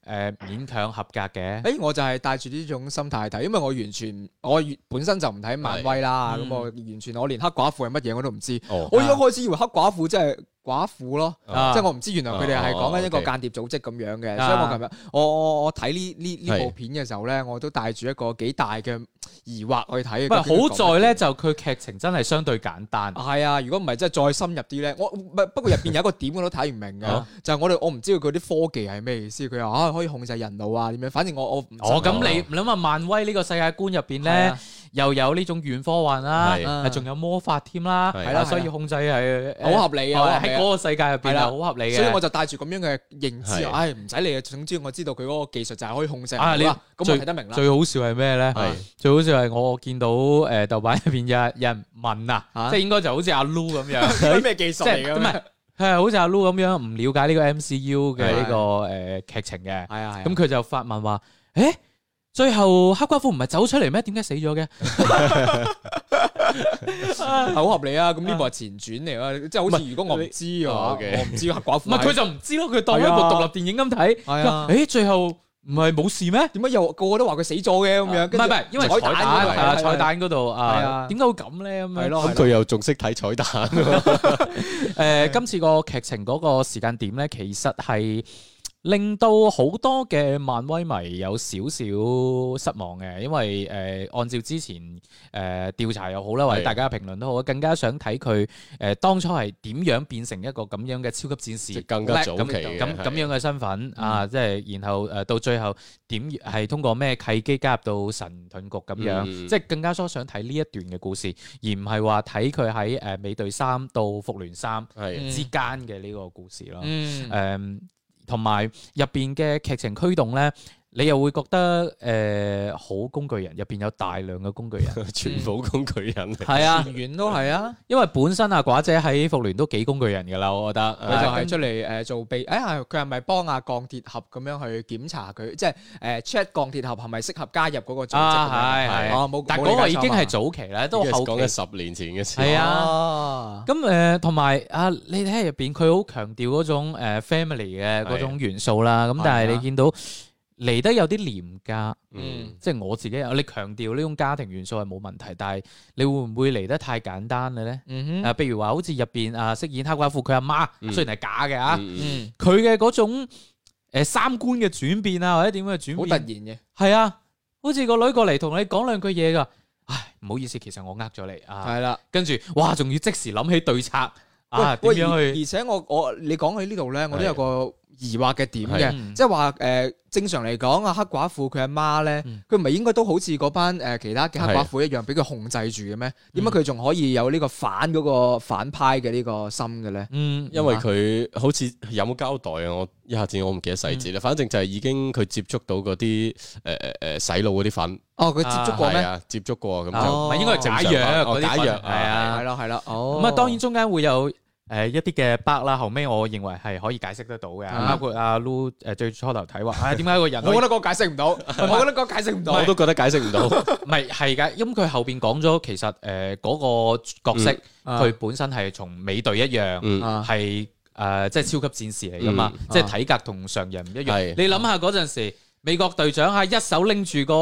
呃，勉強合格嘅。誒、哎，我就係帶住呢種心態睇，因為我完全我本身就唔睇漫威啦，咁、嗯、我完全我連黑寡婦係乜嘢我都唔知。我一開始以為黑寡婦真係。寡婦咯，即係我唔知原來佢哋係講緊一個間諜組織咁樣嘅，所以我琴日我我我睇呢呢呢部片嘅時候咧，我都帶住一個幾大嘅疑惑去睇。好在咧，就佢劇情真係相對簡單。係啊，如果唔係真係再深入啲咧，我不過入邊有一個點我都睇唔明嘅，就係我哋我唔知道佢啲科技係咩意思。佢話可以控制人腦啊點樣，反正我我咁你諗下漫威呢個世界觀入邊咧，又有呢種軟科幻啦，仲有魔法添啦，係啦，所以控制係好合理嘅。嗰個世界入邊係啦，好合理嘅，所以我就帶住咁樣嘅認知，唉，唔使理嘅。總之我知道佢嗰個技術就係可以控制。咁啊，你咁就睇得明啦。最好笑係咩咧？係最好笑係我見到誒豆瓣入邊有有人問啊，即係應該就好似阿 Loo 咁樣，咩技術嚟㗎？唔係係好似阿 Loo 咁樣唔了解呢個 MCU 嘅呢個誒劇情嘅。係啊，咁佢就發問話：，誒。最後黑寡婦唔係走出嚟咩？點解死咗嘅？好合理啊！咁呢部係前傳嚟啊，即係好似如果我唔知啊，我唔知黑寡婦。唔係佢就唔知咯，佢當一部獨立電影咁睇。係啊，誒，最後唔係冇事咩？點解又個個都話佢死咗嘅咁樣？唔係唔係，因為彩蛋啊，彩蛋嗰度啊，點解會咁咧？咁咪係咯？咁佢又仲識睇彩蛋？誒，今次個劇情嗰個時間點咧，其實係。令到好多嘅漫威迷有少少失望嘅，因為誒、呃，按照之前誒調、呃、查又好啦，或者大家評論都好，更加想睇佢誒當初係點樣變成一個咁樣嘅超級戰士，更加早期咁樣嘅身份啊！即係然後誒、呃、到最後點係通過咩契機加入到神盾局咁樣，嗯、即係更加想睇呢一段嘅故事，而唔係話睇佢喺誒美隊三到復聯三之間嘅呢個故事咯。誒、嗯。嗯嗯同埋入邊嘅劇情驅動咧。你又會覺得誒好工具人，入邊有大量嘅工具人，全部工具人嚟係啊，全員都係啊，因為本身阿寡姐喺復聯都幾工具人嘅啦，我覺得佢就係出嚟誒做被誒，佢係咪幫阿鋼鐵俠咁樣去檢查佢，即係誒 check 鋼鐵俠係咪適合加入嗰個組織？係冇。但嗰個已經係早期咧，都講緊十年前嘅事。係啊，咁誒同埋啊，你睇下入邊佢好強調嗰種 family 嘅嗰種元素啦，咁但係你見到，嚟得有啲廉價，嗯，即係我自己，你強調呢種家庭元素係冇問題，但係你會唔會嚟得太簡單嘅咧？嗯哼，啊，譬如話好似入邊啊，飾演黑寡婦佢阿媽，雖然係假嘅啊，嗯，佢嘅嗰種誒三觀嘅轉變啊，或者點樣嘅轉變，好突然嘅，係啊，好似個女過嚟同你講兩句嘢噶，唉，唔好意思，其實我呃咗你啊，係啦，跟住哇，仲要即時諗起對策，啊，點樣去？而且我我你講起呢度咧，我都有個。疑惑嘅點嘅，即係話誒正常嚟講啊，黑寡婦佢阿媽咧，佢唔係應該都好似嗰班誒其他嘅黑寡婦一樣，俾佢控制住嘅咩？點解佢仲可以有呢個反嗰個反派嘅呢個心嘅咧？嗯，因為佢好似有冇交代啊？我一下子我唔記得細節啦。反正就係已經佢接觸到嗰啲誒誒誒洗腦嗰啲粉。哦，佢接觸過咩？接觸過啊，咁就唔係應該係解藥嗰啲藥係啊，係咯係咯。哦，咁啊當然中間會有。誒、呃，一啲嘅 bug 啦，後尾我認為係可以解釋得到嘅，嗯、包括阿、啊、Lu 誒、呃，最初頭睇話，誒點解一個人 我個解，我覺得個解釋 是我解釋唔到，我覺得我解釋唔到，我都覺得解釋唔到，唔係係噶，咁佢後邊講咗，其實誒嗰個角色佢、嗯、本身係從美隊一樣，係誒即係超級戰士嚟噶嘛，即係體格同常人唔一樣，你諗下嗰陣時。美國隊長係一手拎住個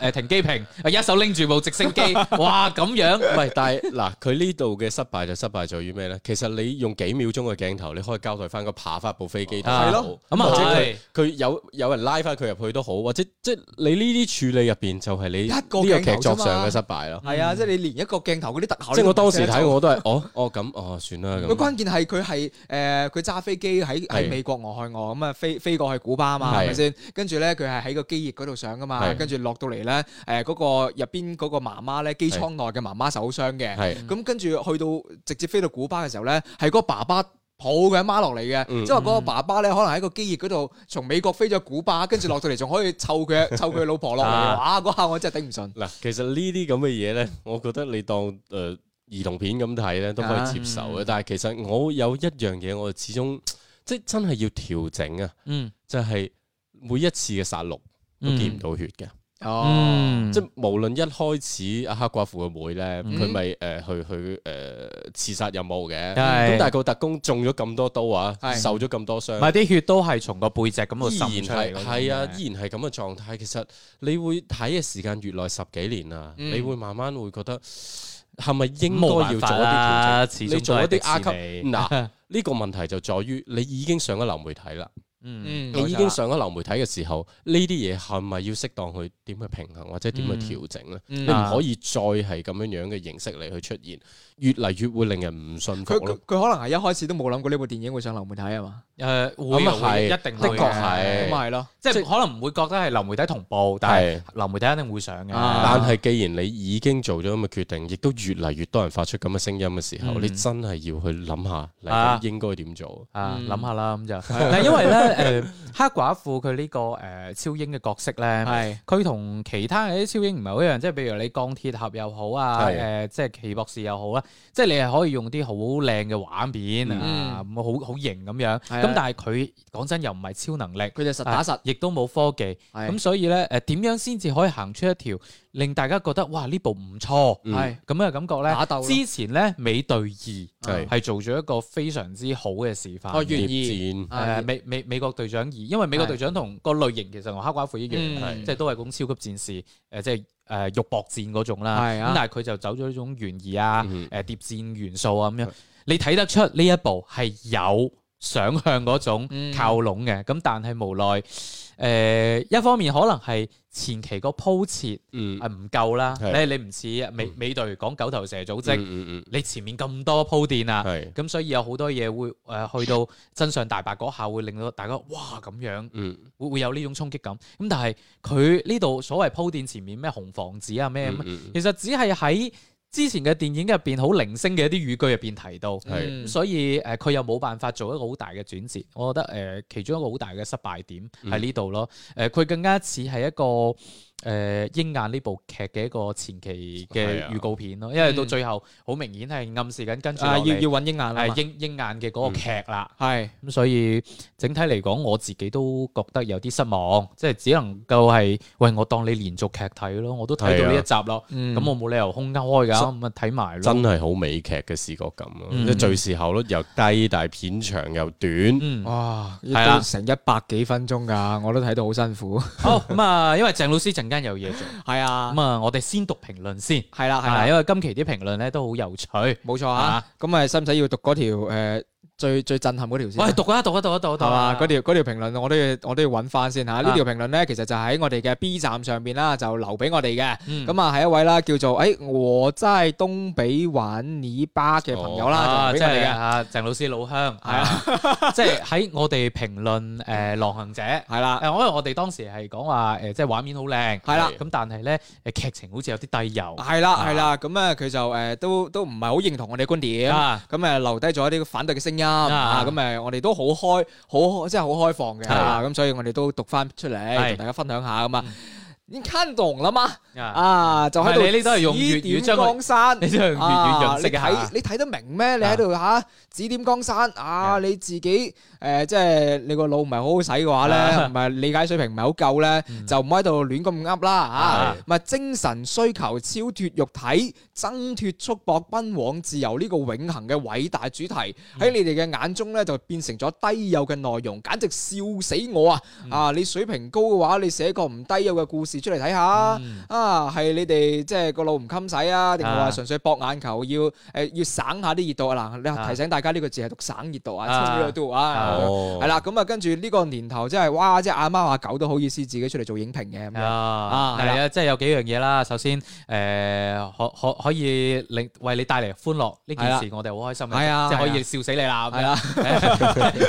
誒停機坪，一手拎住部直升機，哇咁樣，唔係！但係嗱，佢呢度嘅失敗就失敗在於咩咧？其實你用幾秒鐘嘅鏡頭，你可以交代翻個爬翻部飛機都咁，或者佢佢有有人拉翻佢入去都好，或者即係你呢啲處理入邊就係你一個劇作上嘅失敗咯。係啊，即係你連一個鏡頭嗰啲特效，即係我當時睇我都係，哦哦咁，哦算啦咁。咁關鍵係佢係誒，佢揸飛機喺喺美國俄亥俄咁啊，飛飛過去古巴啊嘛，係咪先？跟住咧佢係喺個機翼嗰度上噶嘛，跟住落到嚟咧，誒、那、嗰個入邊嗰個媽媽咧，機艙內嘅媽媽受傷嘅，咁、嗯、跟住去到直接飛到古巴嘅時候咧，係嗰個爸爸抱佢阿媽落嚟嘅，即係話嗰個爸爸咧，可能喺個機翼嗰度從美國飛咗古巴，跟住落到嚟仲可以湊佢湊佢老婆落嚟，哇！嗰下我真係頂唔順。嗱，其實呢啲咁嘅嘢咧，我覺得你當誒、呃、兒童片咁睇咧都可以接受嘅，啊嗯、但係其實我有一樣嘢，我始終即係真係要調整啊，就係、是。嗯每一次嘅殺戮都見唔到血嘅，哦，即係無論一開始阿黑寡婦嘅妹咧，佢咪誒去去誒刺殺任務嘅，咁但係個特工中咗咁多刀啊，受咗咁多傷，咪啲血都係從個背脊咁度滲出嚟，係啊，依然係咁嘅狀態。其實你會睇嘅時間越耐十幾年啊，你會慢慢會覺得係咪應該要做一啲調整，你做一啲 R 級嗱，呢個問題就在於你已經上咗流媒體啦。嗯，你已經上咗流媒體嘅時候，呢啲嘢係咪要適當去點去平衡，或者點去調整咧？嗯、你唔可以再係咁樣樣嘅形式嚟去出現。越嚟越會令人唔信服。佢佢可能係一開始都冇諗過呢部電影會上流媒體啊嘛。誒，咁係，一定的確係咁係咯，即係可能唔會覺得係流媒體同步，但係流媒體一定會上嘅。但係既然你已經做咗咁嘅決定，亦都越嚟越多人發出咁嘅聲音嘅時候，你真係要去諗下你應該點做啊？諗下啦，咁就。但係因為咧，誒，黑寡婦佢呢個誒超英嘅角色咧，係佢同其他嘅超英唔係好一樣，即係譬如你鋼鐵俠又好啊，誒，即係奇博士又好啦。即係你係可以用啲好靚嘅畫面啊，好好型咁樣，咁但係佢講真又唔係超能力，佢哋實打實，亦都冇科技，咁所以呢，誒點樣先至可以行出一條令大家覺得哇呢部唔錯，係咁嘅感覺呢？打鬥之前呢，《美隊二》就係做咗一個非常之好嘅示範。我願意美美美國隊長二，因為美國隊長同個類型其實同黑寡婦一樣，即係都係講超級戰士，誒即係。誒肉搏戰嗰種啦，咁、啊、但係佢就走咗呢種懸疑啊、誒諜、嗯哼呃、戰元素啊咁樣，是你睇得出呢一部係有想向嗰種靠攏嘅，咁、嗯、但係無奈。誒、呃，一方面可能係前期個鋪設嗯係唔夠啦，嗯、你你唔似美、嗯、美隊講九頭蛇組織，嗯嗯，嗯你前面咁多鋪墊啊，係咁的所以有好多嘢會誒去到真相大白嗰下會令到大家哇咁樣，嗯，會會有呢種衝擊感，咁但係佢呢度所謂鋪墊前面咩紅房子啊咩、嗯嗯嗯、其實只係喺。之前嘅電影入邊好零星嘅一啲語句入邊提到，是所以誒佢、呃、又冇辦法做一個好大嘅轉折，我覺得誒、呃、其中一個好大嘅失敗點喺呢度咯，誒佢、嗯呃、更加似係一個。誒《鷹眼》呢部劇嘅一個前期嘅預告片咯，因為到最後好明顯係暗示緊跟住要要揾《鷹眼》啦，《鷹鷹眼》嘅嗰個劇啦，係咁所以整體嚟講，我自己都覺得有啲失望，即係只能夠係喂我當你連續劇睇咯，我都睇到呢一集咯，咁我冇理由空間開㗎，咁咪睇埋咯，真係好美劇嘅視覺感啊，即係聚效率又低，但係片長又短，哇，成一百幾分鐘㗎，我都睇到好辛苦。好，咁啊，因為鄭老師陣間。有嘢做，係 啊，咁啊、嗯，我哋先讀評論先，係啦係啦，因為今期啲評論咧都好有趣，冇錯啊，咁啊，使唔使要讀嗰條誒？呃最最震撼嗰條線，我係讀啊讀啊讀啊讀啊讀，係嘛嗰條嗰條評論，我都要我都要揾翻先吓。呢條評論咧，其實就喺我哋嘅 B 站上邊啦，就留俾我哋嘅。咁啊，係一位啦，叫做誒和齋東比玩尼巴嘅朋友啦，就俾佢哋嘅。啊，即係啊，鄭老師老鄉係啊，即係喺我哋評論誒，浪行者係啦。誒，因為可能我哋當時係講話誒，即係畫面好靚係啦，咁但係咧誒，劇情好似有啲低游係啦係啦。咁啊，佢就誒都都唔係好認同我哋嘅觀點啊。咁啊，留低咗一啲反對嘅聲音。啊！咁誒、啊，我哋都好開，好即係好開放嘅，咁、啊啊、所以我哋都讀翻出嚟同、啊、大家分享下咁、嗯、啊，啊。已經看懂啦嘛？啊，就喺度。你呢都係用粵語將佢。你用粵語潤色下。你睇得明咩？你喺度嚇指點江山啊？你自己。啊誒、呃，即係你個腦唔係好好使嘅話咧，同埋、啊、理解水平唔係好夠咧，嗯、就唔喺度亂咁噏啦嚇。咪、啊啊、精神需求超脫肉體，爭脫束縛，奔往自由呢、呢個永恆嘅偉大主題，喺、嗯、你哋嘅眼中咧就變成咗低幼嘅內容，簡直笑死我啊！嗯、啊，你水平高嘅話，你寫個唔低幼嘅故事出嚟睇下啊，係你哋即係個腦唔襟使啊，定係話純粹博眼球要誒、呃、要省下啲熱度啊嗱？你提醒大家呢個字係讀省熱度，呃呃呃、省熱度，熱度啊，都啊～啊啊係啦，咁啊，跟住呢個年頭，真係哇，即係阿貓阿狗都好意思自己出嚟做影評嘅，係啊，係啊，即係有幾樣嘢啦。首先，誒，可可可以令為你帶嚟歡樂呢件事，我哋好開心嘅，係啊，即係可以笑死你啦，係啊，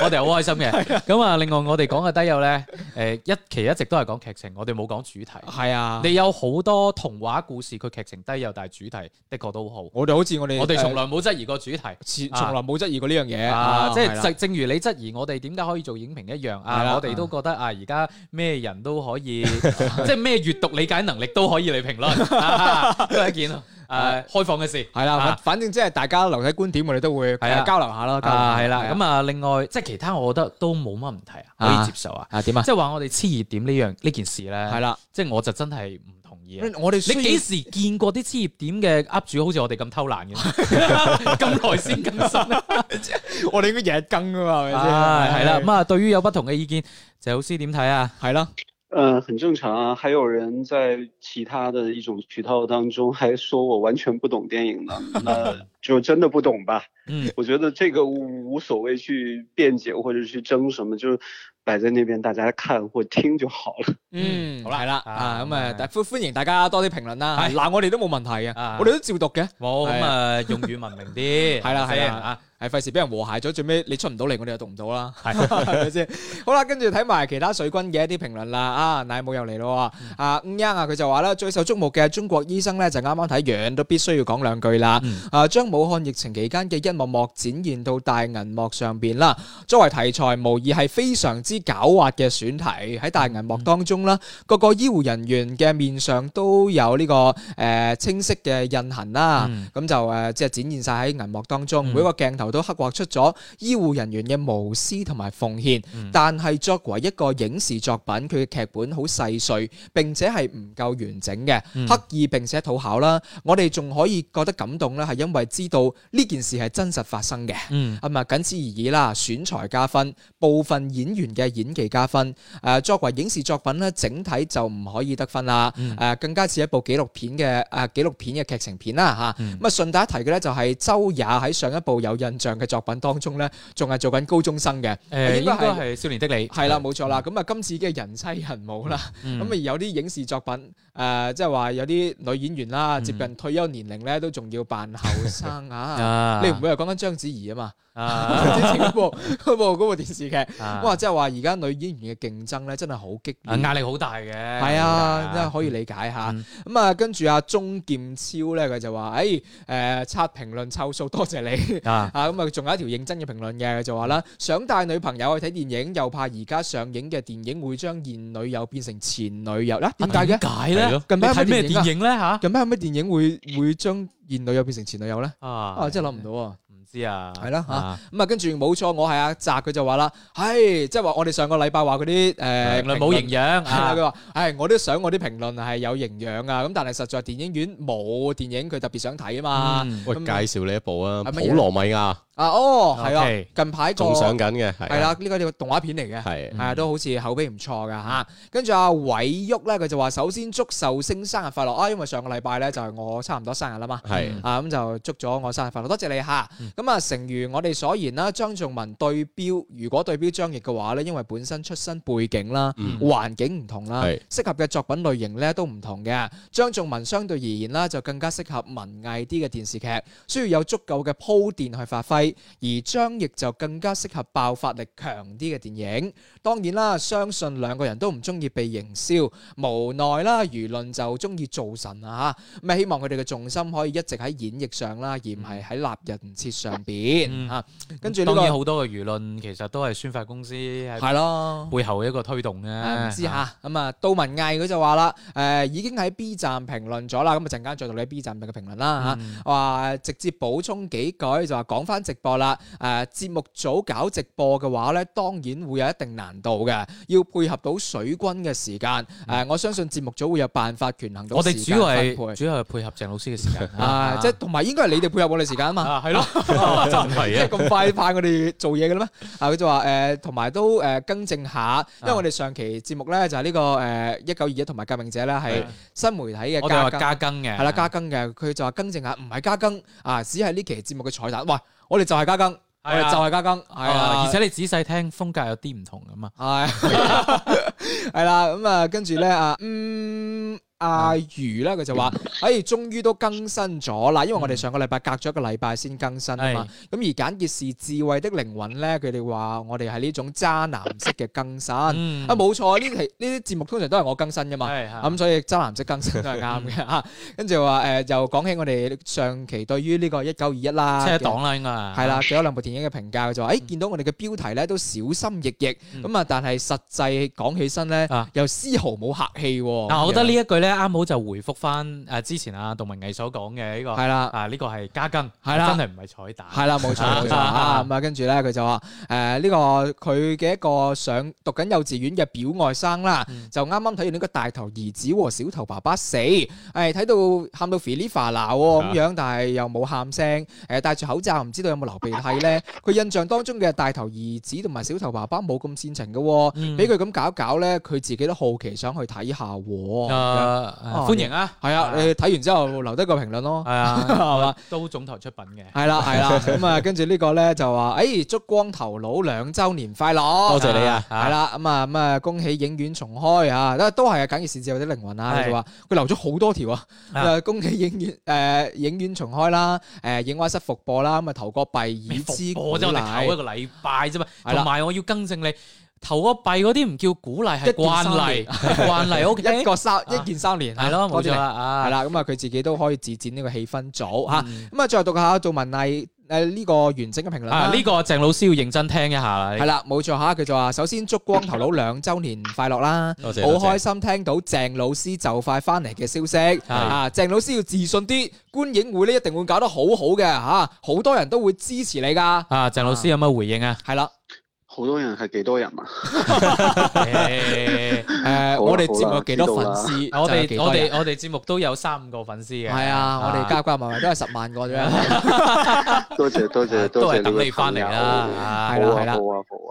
我哋好開心嘅。咁啊，另外我哋講嘅低幼咧，誒，一期一直都係講劇情，我哋冇講主題，係啊，你有好多童話故事，佢劇情低幼，但係主題的確都好。我哋好似我哋，我哋從來冇質疑過主題，從從來冇質疑過呢樣嘢，即係正如你質疑。我哋點解可以做影評一樣啊？我哋都覺得啊，而家咩人都可以，即係咩閱讀理解能力都可以嚟評論，都係一件誒開放嘅事。係啦，反正即係大家留喺觀點，我哋都會係啊交流下咯，交流下係啦。咁啊，另外即係其他，我覺得都冇乜問題啊，可以接受啊。啊點啊？即係話我哋黐熱點呢樣呢件事咧，係啦，即係我就真係唔。我哋你幾時見過啲職業點嘅 up 主好似我哋咁偷懶嘅？咁耐先更新，我哋應該日日更噶啦！係咪，啊，係啦，咁啊，對於有不同嘅意見，謝老師點睇啊？係咯，嗯，很正常啊。還有人在其他的一種渠道當中，還說我完全不懂電影呢？那，啊，就真的不懂吧。嗯，我覺得這個無所謂去辯解或者去爭什麼，就。擺喺呢邊，大家看或聽就好了。嗯，好啦，係啦，啊咁啊，大歡迎大家多啲評論啦。嗱，我哋都冇問題嘅，我哋都照讀嘅。冇咁啊，用語文明啲，係啦，係啊，係費事俾人和諧咗，最尾你出唔到嚟，我哋又讀唔到啦，係咪先？好啦，跟住睇埋其他水軍嘅一啲評論啦。啊，奶母又嚟咯，啊五央啊，佢就話啦，最受矚目嘅中國醫生咧，就啱啱睇完都必須要講兩句啦。啊，將武漢疫情期間嘅一幕幕展現到大銀幕上邊啦，作為題材無疑係非常之。啲狡猾嘅選題喺大銀幕當中啦，各個醫護人員嘅面上都有呢個誒清晰嘅印痕啦，咁就誒即係展現晒喺銀幕當中，每個鏡頭都刻畫出咗醫護人員嘅無私同埋奉獻。但係作為一個影視作品，佢嘅劇本好細碎，並且係唔夠完整嘅，刻意並且討巧啦。我哋仲可以覺得感動咧，係因為知道呢件事係真實發生嘅，嗯，咁啊僅此而已啦。選材加分，部分演員嘅。嘅演技加分，誒，作為影視作品咧，整體就唔可以得分啦。誒，更加似一部紀錄片嘅誒，紀錄片嘅劇情片啦吓。咁啊，順帶一提嘅咧，就係周也喺上一部有印象嘅作品當中咧，仲係做緊高中生嘅。誒，應該係少年的你，係啦，冇錯啦。咁啊，今次嘅人妻人母啦，咁啊，有啲影視作品。誒，即係話有啲女演員啦，嗯、接近退休年齡咧，都仲要扮後生 啊！你唔會又講緊章子怡啊嘛？之前嗰 部嗰部電視劇，哇、啊！即係話而家女演員嘅競爭咧，真係好激烈，壓力好大嘅。係啊，真係、啊嗯、可以理解下咁、嗯、啊，跟住阿鍾劍超咧，佢就話，誒、哎，誒、呃，刷評論湊數，多謝你 啊！咁啊，仲有一條認真嘅評論嘅，就話啦，想帶女朋友去睇電影，又怕而家上映嘅電影會將現女友變成前女友啦？點解嘅？點解咧？近排睇咩電影咧吓？近排有咩電影會會將現女友變成前女友咧？啊啊，真係諗唔到啊！唔知啊，係啦吓。咁啊，跟住冇錯，我係阿澤佢就話啦，係即係話我哋上個禮拜話嗰啲誒評論冇營養啊，佢話係我都想我啲評論係有營養啊，咁但係實在電影院冇電影佢特別想睇啊嘛。喂，介紹你一部啊，《普羅米亞》。啊哦，係啊，近排仲上緊嘅，係啦，呢個係個動畫片嚟嘅，係，係啊，都好似口碑唔錯噶吓。跟住阿偉旭咧，佢就話首先祝壽星生日快樂啊，因為上個禮拜咧就係我差唔多生日啦嘛，係，啊咁就祝咗我生日快樂，多謝你吓。咁啊，成如我哋所言啦，張仲文對標如果對標張譯嘅話咧，因為本身出身背景啦、環境唔同啦，適合嘅作品類型咧都唔同嘅。張仲文相對而言啦，就更加適合文藝啲嘅電視劇，需要有足夠嘅鋪墊去發揮。而張譯就更加適合爆發力強啲嘅電影，當然啦，相信兩個人都唔中意被營銷，無奈啦，輿論就中意做神啊吓，咁希望佢哋嘅重心可以一直喺演繹上啦，而唔係喺立人設上邊吓。嗯啊、跟住、這個、當然好多嘅輿論其實都係宣發公司係咯背後一個推動嘅，唔、啊、知吓咁啊杜、啊啊、文毅佢就話啦，誒、呃、已經喺 B 站評論咗啦，咁啊陣間再讀你喺 B 站嘅評論啦吓，話、嗯嗯、直接補充幾句就話講翻直。直播啦！誒，節目組搞直播嘅話咧，當然會有一定難度嘅，要配合到水軍嘅時間。誒，我相信節目組會有辦法權衡到。我哋主要係主要係配合鄭老師嘅時間。啊，即係同埋應該係你哋配合我哋時間啊嘛。係咯，即係咁快派我哋做嘢嘅啦咩？啊，佢就話誒，同埋都誒更正下，因為我哋上期節目咧就係呢個誒一九二一同埋革命者咧係新媒體嘅加加更嘅係啦，加更嘅，佢就話更正下唔係加更啊，只係呢期節目嘅彩蛋。喂！我哋就係加更，是啊、我哋就係加更，啊啊、而且你仔細聽，風格有啲唔同㗎嘛，係係啦，咁 啊，跟住呢。啊，嗯。阿如啦，佢、啊、就話：，哎，終於都更新咗啦，因為我哋上個禮拜隔咗一個禮拜先更新啊嘛。咁、嗯、而簡潔是智慧的靈魂咧，佢哋話我哋係呢種渣男式嘅更新、嗯、啊，冇錯呢期呢啲節目通常都係我更新噶嘛，咁、嗯啊、所以渣男式更新都係啱嘅嚇。跟住話誒，就講、啊呃、起我哋上期對於呢個一九二一啦，車黨啦，應該係啦，仲有兩部電影嘅評價，就話：，哎，見到我哋嘅標題咧都小心翼翼，咁啊、嗯，但係實際講起身咧，啊、又絲毫冇客氣。嗱、啊，我覺得呢一句咧。啱好就回覆翻誒之前阿杜文毅所講嘅呢個係啦，啊呢、啊呢個係加更係啦，真係唔係彩蛋係啦，冇錯冇錯啊！咁 啊，跟住咧佢就話誒呢個佢嘅一個上讀緊幼稚園嘅表外甥啦，嗯、就啱啱睇完呢個大頭兒子和小頭爸爸死、哦，係睇到喊到噼里啪啦咁樣搞搞，但係又冇喊聲，誒戴住口罩唔知道有冇流鼻涕咧。佢印象當中嘅大頭兒子同埋小頭爸爸冇咁煽情嘅，俾佢咁搞搞咧，佢自己都好奇想去睇下。啊啊歡迎啊，係啊，你睇完之後留低個評論咯，係啊，都總台出品嘅，係啦係啦，咁啊跟住呢個咧就話，誒，祝光頭佬兩周年快樂，多謝你啊，係啦，咁啊咁啊，恭喜影院重開啊！都係啊，梗係先至有啲靈魂啊，佢話佢留咗好多條啊，誒，恭喜影院誒影院重開啦，誒映畫室復播啦，咁啊投個幣耳之，我就係睇一個禮拜啫嘛，同埋我要更正你。投個幣嗰啲唔叫鼓勵，係慣例，慣例好一個三一件三年係咯，冇錯啦，係啦，咁啊佢自己都可以自薦呢個氣氛組吓，咁啊再讀下做文藝誒呢個完整嘅評論，呢個鄭老師要認真聽一下啦，係啦冇錯吓，佢就話首先祝光頭佬兩周年快樂啦，好開心聽到鄭老師就快翻嚟嘅消息啊，鄭老師要自信啲，觀影會呢一定會搞得好好嘅吓，好多人都會支持你噶，啊鄭老師有乜回應啊？係啦。欸呃、好多人，係幾多人啊？誒，我哋節目有幾多粉絲？我哋我哋我哋節目都有三個粉絲嘅。係啊，我哋加加埋埋都係十萬個啫。多謝多謝，都係等你翻嚟啦。係啦係啦。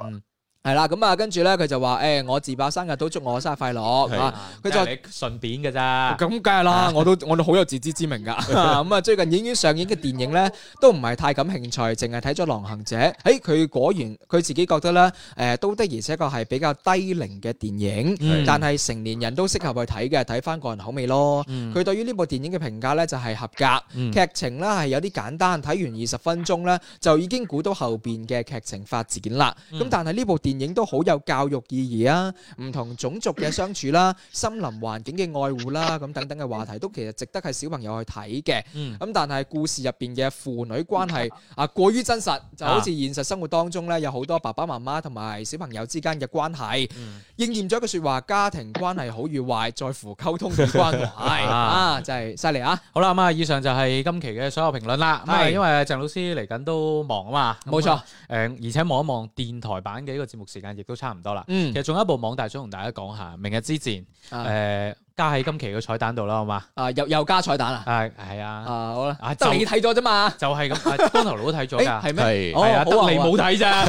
嗯。係啦，咁啊，跟住咧，佢就話誒、欸，我自爆生日，都祝我生日快樂啊！佢對、嗯、就順便嘅咋，咁梗係啦， 我都我都好有自知之明噶。咁 啊、嗯，最近影院上映嘅電影咧，都唔係太感興趣，淨係睇咗《狼行者》。誒、欸，佢果然佢自己覺得咧，誒、呃，都的而且確係比較低齡嘅電影，對但係成年人都適合去睇嘅，睇翻個人口味咯。佢、嗯、對於呢部電影嘅評價咧就係、是、合格，劇、嗯、情咧係有啲簡單，睇完二十分鐘咧就已經估到後邊嘅劇情發展啦。咁、嗯、但係呢部電，影都好有教育意義啊，唔同種族嘅相處啦，森林環境嘅愛護啦，咁等等嘅話題都其實值得係小朋友去睇嘅。咁、嗯、但係故事入邊嘅父女關係啊，過於真實，啊、就好似現實生活當中咧，有好多爸爸媽媽同埋小朋友之間嘅關係，嗯、應驗咗一句說話：家庭關係好與壞，在乎溝通與關懷啊！就係犀利啊！啊好啦，咁啊，以上就係今期嘅所有評論啦。係，因為鄭老師嚟緊都忙啊嘛，冇錯。誒，而且望一望電台版嘅呢個節目。時間亦都差唔多啦，嗯，其實仲有一部網大想同大家講下《明日之戰》，誒加喺今期嘅彩蛋度啦，好嘛？啊，又又加彩蛋啦，係係啊，啊好啦，啊你睇咗啫嘛，就係咁，光頭佬都睇咗噶，係咩？係係啊，你冇睇咋，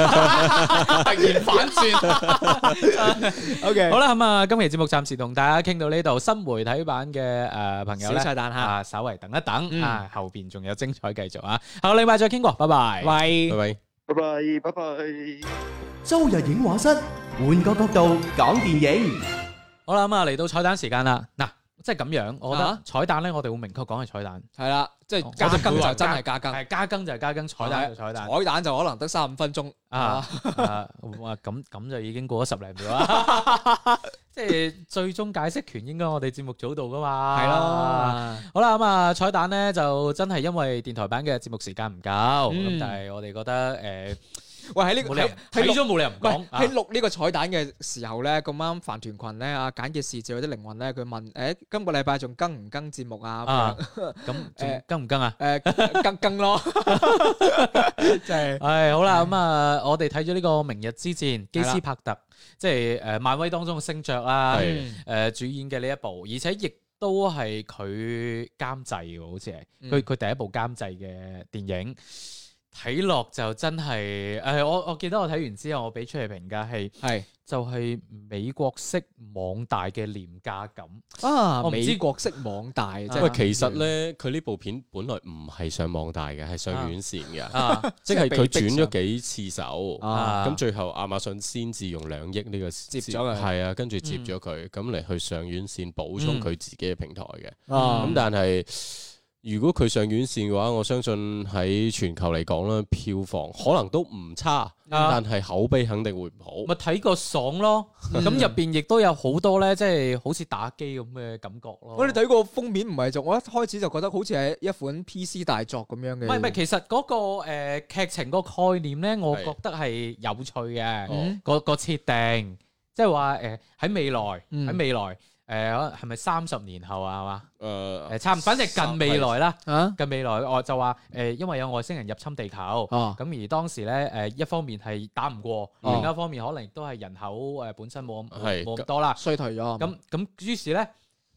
突然反轉，OK，好啦咁啊，今期節目暫時同大家傾到呢度，新媒體版嘅誒朋友小彩蛋吓，稍為等一等啊，後邊仲有精彩繼續啊，好，下禮拜再傾過，拜拜，拜拜，拜拜，拜拜。周日映畫室換個角度講電影，好啦咁啊，嚟、嗯、到彩蛋時間啦！嗱、啊，即係咁樣，我覺得彩蛋咧，我哋會明確講係彩蛋，係啦，即、就、係、是、加更就真係加更，係、啊、加更就係加更彩蛋、啊，彩蛋就可能得三五分鐘啊！哇、啊，咁咁、 啊、就已經過咗十零秒啦！即係 最終解釋權應該我哋節目組度噶嘛？係咯了，啊、好啦咁啊，彩蛋咧就真係因為電台版嘅節目時間唔夠，咁、嗯、但係我哋覺得誒。呃喂，喺呢喺睇咗冇理由唔講，唔係喺錄呢個彩蛋嘅時候咧，咁啱飯團群咧啊，簡潔視節有啲靈魂咧，佢問誒，今個禮拜仲更唔更節目啊？啊，咁誒，更唔更啊？誒，更更咯，就係，誒，好啦，咁啊，我哋睇咗呢個《明日之戰》基斯帕特，即係誒，漫威當中嘅星爵啊，誒，主演嘅呢一部，而且亦都係佢監製嘅，好似係，佢佢第一部監製嘅電影。睇落就真係，誒我我記得我睇完之後，我俾出嚟評價係，係就係美國式網大嘅廉價感啊！美國式網大，喂，其實咧佢呢部片本來唔係上網大嘅，係上院線嘅啊，即係佢轉咗幾次手，咁最後亞馬遜先至用兩億呢個接咗，係啊，跟住接咗佢，咁嚟去上院線補充佢自己嘅平台嘅，咁但係。如果佢上院線嘅話，我相信喺全球嚟講咧，票房可能都唔差，啊、但係口碑肯定會唔好。咪睇過爽咯，咁入邊亦都有多呢、就是、好多咧,即係好似打機咁嘅感覺咯。 我哋睇個封面唔係就，我一開始就覺得好似係一款 PC 大作咁樣嘅。唔唔係，其實嗰、嗰個誒劇、呃、情個概念咧，我覺得係有趣嘅，個個設定，即係話誒喺未來喺未來。嗯誒，係咪三十年後啊？係嘛？誒，差，反正近未來啦，近未來我就話，誒，因為有外星人入侵地球，咁而當時咧，誒，一方面係打唔過，另一方面可能亦都係人口誒本身冇冇咁多啦，衰退咗。咁咁於是咧，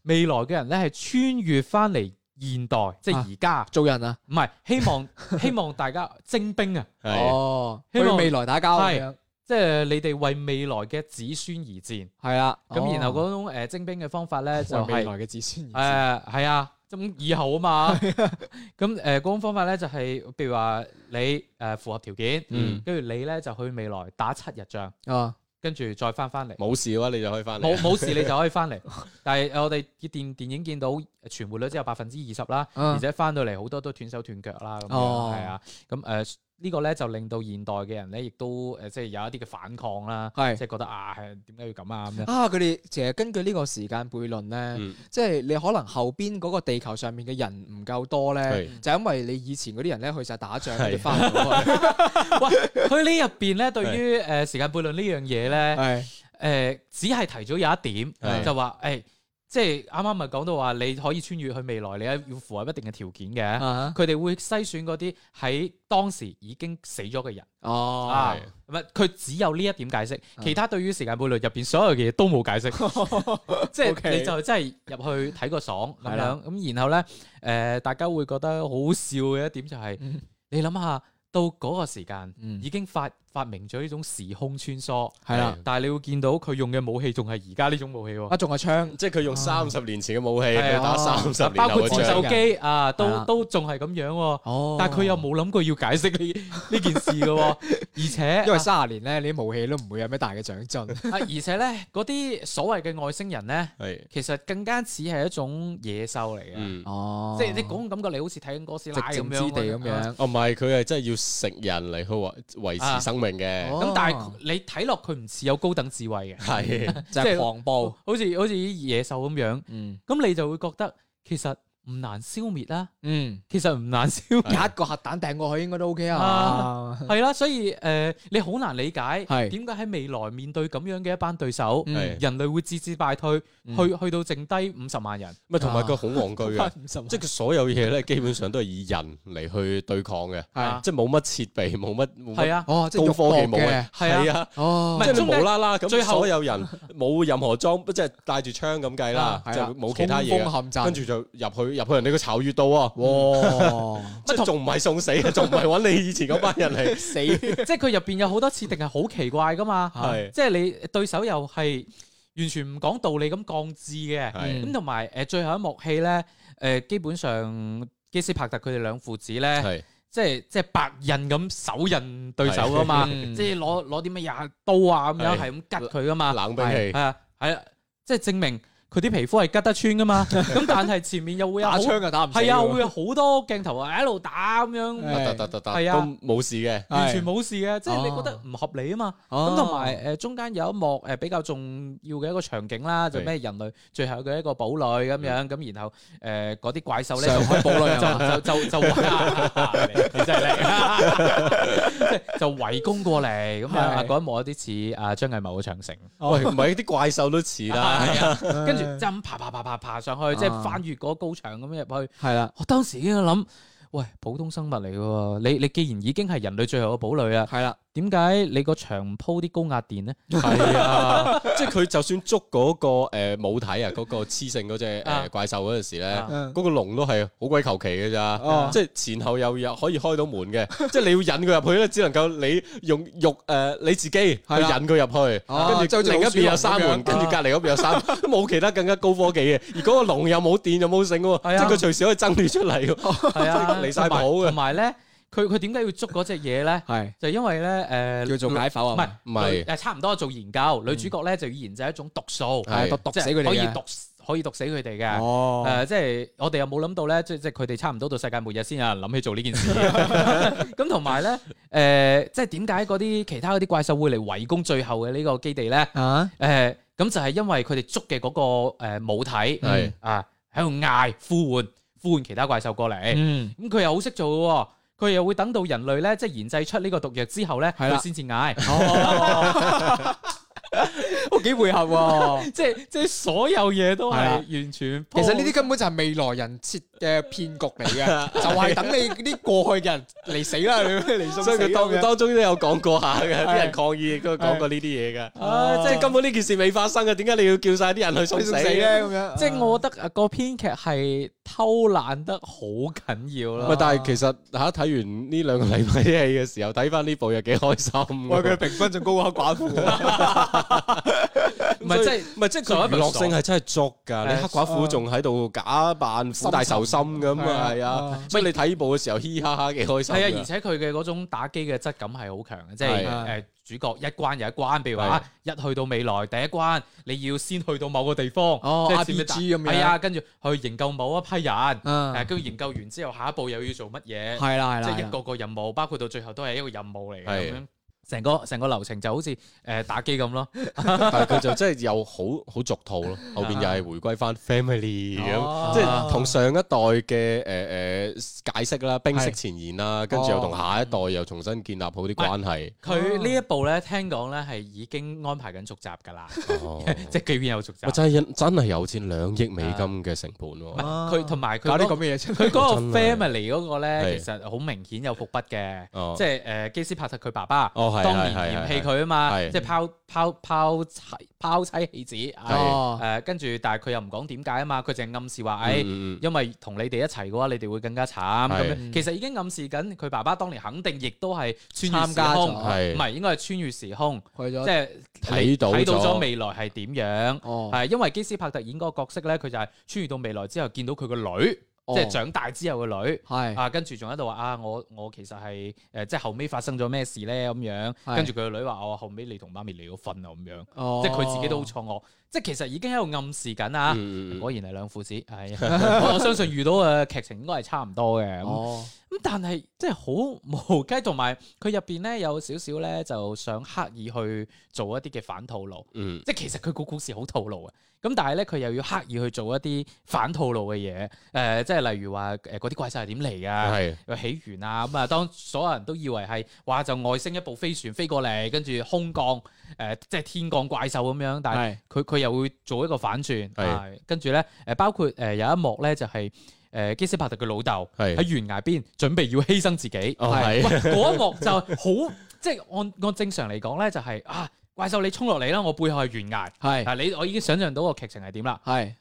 未來嘅人咧係穿越翻嚟現代，即係而家做人啊，唔係希望希望大家徵兵啊，哦，希望未來打交咁即係你哋為未來嘅子孫而戰，係啊，咁然後嗰種誒徵兵嘅方法咧就係未來嘅子孫誒係啊，咁以後啊嘛，咁誒嗰種方法咧就係，譬如話你誒符合條件，跟住你咧就去未來打七日仗，啊，跟住再翻翻嚟，冇事嘅話你就可以翻嚟，冇冇事你就可以翻嚟，但係我哋嘅電電影見到存活率只有百分之二十啦，而且翻到嚟好多都斷手斷腳啦，咁樣係啊，咁誒。個呢個咧就令到現代嘅人咧，亦都誒、呃、即係有一啲嘅反抗啦，係是即係覺得啊，點解要咁啊咁樣啊？佢哋其實根據呢個時間悖論咧，嗯、即係你可能後邊嗰個地球上面嘅人唔夠多咧，是就因為你以前嗰啲人咧，去晒打仗，佢哋翻唔到去。喂是，所以 呢入邊咧，對於誒時間悖論呢樣嘢咧，誒是、呃、只係提早有一點，就話誒。是是即係啱啱咪講到話，你可以穿越去未來，你係要符合一定嘅條件嘅。佢哋、uh huh. 會篩選嗰啲喺當時已經死咗嘅人。哦，唔佢只有呢一點解釋，uh. 其他對於時間悖論入邊所有嘅嘢都冇解釋。即 係你就真係入去睇個爽咁 的樣，樣，咁然後咧，誒、呃、大家會覺得好笑嘅一點就係、是， 嗯、你諗下到嗰個時間已經發、嗯。發明咗呢種時空穿梭，係啦，但係你會見到佢用嘅武器仲係而家呢種武器喎，啊，仲係槍，即係佢用三十年前嘅武器嚟打三十年，包括自售機啊，都都仲係咁樣，哦，但係佢又冇諗過要解釋呢呢件事嘅，而且因為三十年咧，你啲武器都唔會有咩大嘅長進，而且咧嗰啲所謂嘅外星人咧，其實更加似係一種野獸嚟嘅，即係你講感覺，你好似睇緊哥斯拉咁樣，哦，唔係，佢係真係要食人嚟去維維持生。明嘅，咁、嗯、但係你睇落佢唔似有高等智慧嘅，係即係狂暴，好似好似啲野獸咁樣。嗯，咁你就會覺得其實，唔難消滅啦，嗯，其實唔難消滅，一個核彈掟過去應該都 OK 啊，係啦，所以誒，你好難理解，係點解喺未來面對咁樣嘅一班對手，嗯，人類會節節敗退，去去到剩低五十萬人，唔係同埋佢好戇居嘅，即係所有嘢咧，基本上都係以人嚟去對抗嘅，係即係冇乜設備，冇乜係啊，高科技冇嘅，係啊，即係無啦啦咁，所有人冇任何裝，即係帶住槍咁計啦，就冇其他嘢，跟住就入去。入去人哋個巢穴度啊！哇，哇 即仲唔係送死？仲唔係搵你以前嗰班人嚟 死？即係佢入邊有好多設定係好奇怪噶嘛？係，即係你對手又係完全唔講道理咁降智嘅，咁同埋誒最後一幕戲咧，誒基本上基斯帕特佢哋兩父子咧，即係即係白刃咁手刃對手噶嘛，是 即係攞攞啲咩嘢刀啊咁樣係咁吉佢噶嘛，冷兵器，係啊，係啊，啊、即係證明。佢啲皮膚係吉得穿噶嘛？咁但係前面又會有打槍啊，打唔死。係啊，會有好多鏡頭啊，一路打咁樣。係啊，冇事嘅，完全冇事嘅。即係你覺得唔合理啊嘛？咁同埋誒中間有一幕誒比較重要嘅一個場景啦，就咩人類最後嘅一個堡壘咁樣。咁然後誒嗰啲怪獸咧就堡壘啊，就就就就圍攻過嚟咁啊！嗰一幕有啲似啊張藝謀嘅長城。喂，唔係啲怪獸都似啦，係啊。即爬,爬爬爬爬爬上去，嗯、即係翻越個高牆咁樣入去。係啦的，我當時已經喺度諗，喂，普通生物嚟嘅喎，你你既然已經係人類最後嘅堡壘啦，係啦。點解你個牆鋪啲高壓電咧？係啊，即係佢就算捉嗰個誒母體啊，嗰個雌性嗰隻誒怪獸嗰陣時咧，嗰個籠都係好鬼求其嘅咋，即係前後有有可以開到門嘅，即係你要引佢入去咧，只能夠你用肉誒你自己去引佢入去，跟住就另一邊有閂門，跟住隔籬嗰邊又閂門，都冇其他更加高科技嘅。而嗰個籠又冇電又冇繩喎，即係佢隨時可以掙脫出嚟嘅，離晒譜嘅。同埋咧。佢佢點解要捉嗰隻嘢咧？係就因為咧，誒，要做解剖啊？唔係唔係，誒，差唔多做研究。女主角咧就要研製一種毒素，係毒毒死佢哋，可以毒可以毒死佢哋嘅。哦，誒，即係我哋又冇諗到咧，即係即係佢哋差唔多到世界末日先有人諗起做呢件事。咁同埋咧，誒，即係點解嗰啲其他嗰啲怪獸會嚟圍攻最後嘅呢個基地咧？啊，誒，咁就係因為佢哋捉嘅嗰個誒母體係啊，喺度嗌呼喚呼喚其他怪獸過嚟。嗯，咁佢又好識做嘅。佢又會等到人類咧，即係研製出呢個毒藥之後咧，佢先至嗌。 好幾回合，即係即係所有嘢都係完全。其實呢啲根本就係未來人設嘅騙局嚟嘅，就係等你啲過去嘅人嚟死啦。所以佢當當中都有講過下嘅，啲人抗議亦都講過呢啲嘢噶。啊，即係根本呢件事未發生嘅，點解你要叫晒啲人去死咧？咁樣，即係我覺得啊，個編劇係偷懶得好緊要啦。唔但係其實吓睇完呢兩個禮拜啲戲嘅時候，睇翻呢部又幾開心。喂，佢評分仲高過寡婦。唔係即係，唔係即係佢娛樂性係真係足噶。你黑寡婦仲喺度假扮苦大仇深咁啊，係啊。所以你睇呢部嘅時候，嘻嘻哈哈嘅，開心。係啊，而且佢嘅嗰種打機嘅質感係好強嘅，即係誒主角一關又一關，譬如話一去到未來第一關，你要先去到某個地方，即係 A B C 咁樣。係啊，跟住去研究某一批人，誒，跟住研究完之後，下一步又要做乜嘢？係啦，係啦，即係一個個任務，包括到最後都係一個任務嚟嘅。成個成個流程就好似誒打機咁咯，但係佢就真係又好好俗套咯。後邊又係回歸翻 family 咁，即係同上一代嘅誒誒解釋啦，冰釋前嫌啦，跟住又同下一代又重新建立好啲關係。佢呢一部咧，聽講咧係已經安排緊續集㗎啦，即係居然有續集。真係有錢兩億美金嘅成本。佢同埋佢啲咁嘅嘢，佢嗰個 family 嗰個咧，其實好明顯有伏筆嘅，即係誒基斯帕特佢爸爸。當然嫌棄佢啊嘛，的即係拋拋拋妻拋妻棄子，誒跟住，但係佢又唔講點解啊嘛，佢淨係暗示話誒，嗯、因為同你哋一齊嘅話，你哋會更加慘咁樣。的其實已經暗示緊，佢爸爸當年肯定亦都係穿越時空，唔係，應該係穿越時空，即係睇到睇到咗未來係點樣。係、哦、因為基斯帕特演嗰個角色咧，佢就係穿越到未來之後，見到佢個女。即係長大之後個女，係是啊，跟住仲喺度話啊，我我其實係誒、呃，即係後尾發生咗咩事咧咁樣，是跟住佢個女話我後尾你同媽咪離咗婚啊咁樣，哦、即係佢自己都好錯愕。即係其實已經喺度暗示緊啊！嗯、果然係兩父子，係、哎、 我相信遇到嘅劇情應該係差唔多嘅。咁、哦、但係即係好無稽，同埋佢入邊咧有少少咧就想刻意去做一啲嘅反套路。即係、嗯、其實佢個故事好套路啊。咁但係咧佢又要刻意去做一啲反套路嘅嘢。誒、呃，即係例如話誒嗰啲怪獸係點嚟噶？係是起源啊！咁啊，當所有人都以為係話就外星一部飛船飛過嚟，跟住空降誒、呃、即係天降怪獸咁樣，但係佢佢。是又會做一個反轉，係跟住咧，誒、啊，包括誒有一幕咧就係、是，誒、啊，基斯帕特嘅老豆喺懸崖邊準備要犧牲自己，係嗰是、啊啊、一幕就好，即、就、係、是、按按正常嚟講咧就係、是、啊，怪獸你衝落嚟啦，我背後係懸崖，係是啊，你我已經想象到個劇情係點啦，係是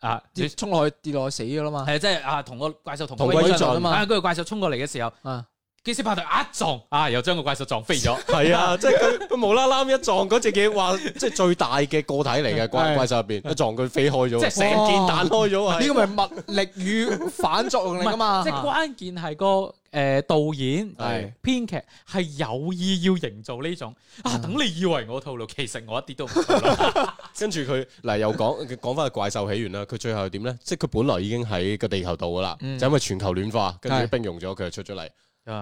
啊，你衝落去跌落去死咗啦嘛，係即係啊，同個怪獸同歸於盡啊嘛，跟住、啊啊、怪獸衝過嚟嘅時候。啊劍先派台一撞啊！又將個怪獸撞飛咗。係啊，即係佢佢無啦啦一撞嗰隻嘢，哇！即係最大嘅個體嚟嘅怪怪獸入邊，一撞佢飛開咗，即係成件彈開咗。呢個咪物力與反作用力噶嘛？即係關鍵係個誒導演係編劇係有意要營造呢種啊！等你以為我套路，其實我一啲都唔透露。跟住佢嗱又講講翻個怪獸起源啦。佢最後係點咧？即係佢本來已經喺個地球度噶啦，就因為全球暖化，跟住冰融咗，佢就出咗嚟。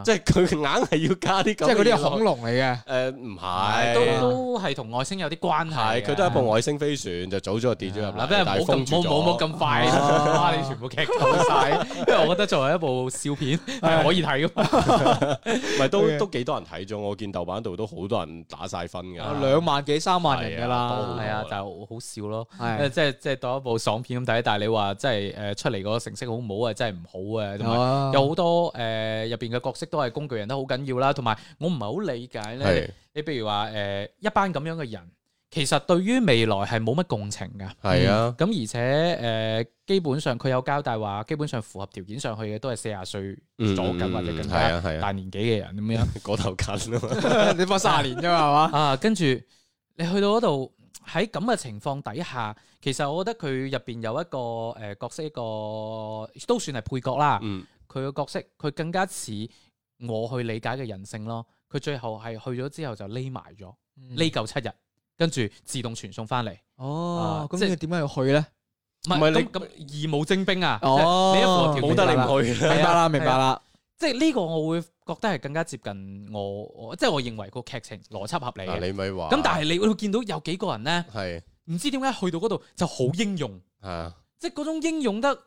即係佢硬係要加啲，即係嗰啲係恐龍嚟嘅。誒，唔係，都都係同外星有啲關係。佢都係一部外星飛船，就早咗跌咗入嚟，即係冇冇冇冇咁快，你全部劇透晒，因為我覺得作為一部笑片係可以睇噶嘛。係都都幾多人睇咗？我見豆瓣度都好多人打晒分噶，兩萬幾三萬人噶啦，係啊，就好笑咯。即係即係當一部爽片咁睇，但係你話即係誒出嚟個成績好唔好啊？真係唔好啊！有好多誒入邊嘅。角色都係工具人都好緊要啦，同埋我唔係好理解咧。你譬如話誒一班咁樣嘅人，其實對於未來係冇乜共情噶。係啊，咁而且誒基本上佢有交代話，基本上符合條件上去嘅都係四十歲左近或者更加大年紀嘅人咁樣，嗰頭近咯，你翻三十年啫嘛係嘛啊，跟住你去到嗰度喺咁嘅情況底下，其實我覺得佢入邊有一個誒角色一個都算係配角啦。佢個角色，佢更加似我去理解嘅人性咯。佢最後係去咗之後就匿埋咗，匿夠七日，跟住自動傳送翻嚟。哦，咁即你點解要去咧？唔係你咁義務徵兵啊？哦，你一個冇得你唔去。明白啦，明白啦。即係呢個我會覺得係更加接近我，即係我認為個劇情邏輯合理。你咪話。咁但係你會見到有幾個人咧，係唔知點解去到嗰度就好英勇，係即係嗰種英勇得。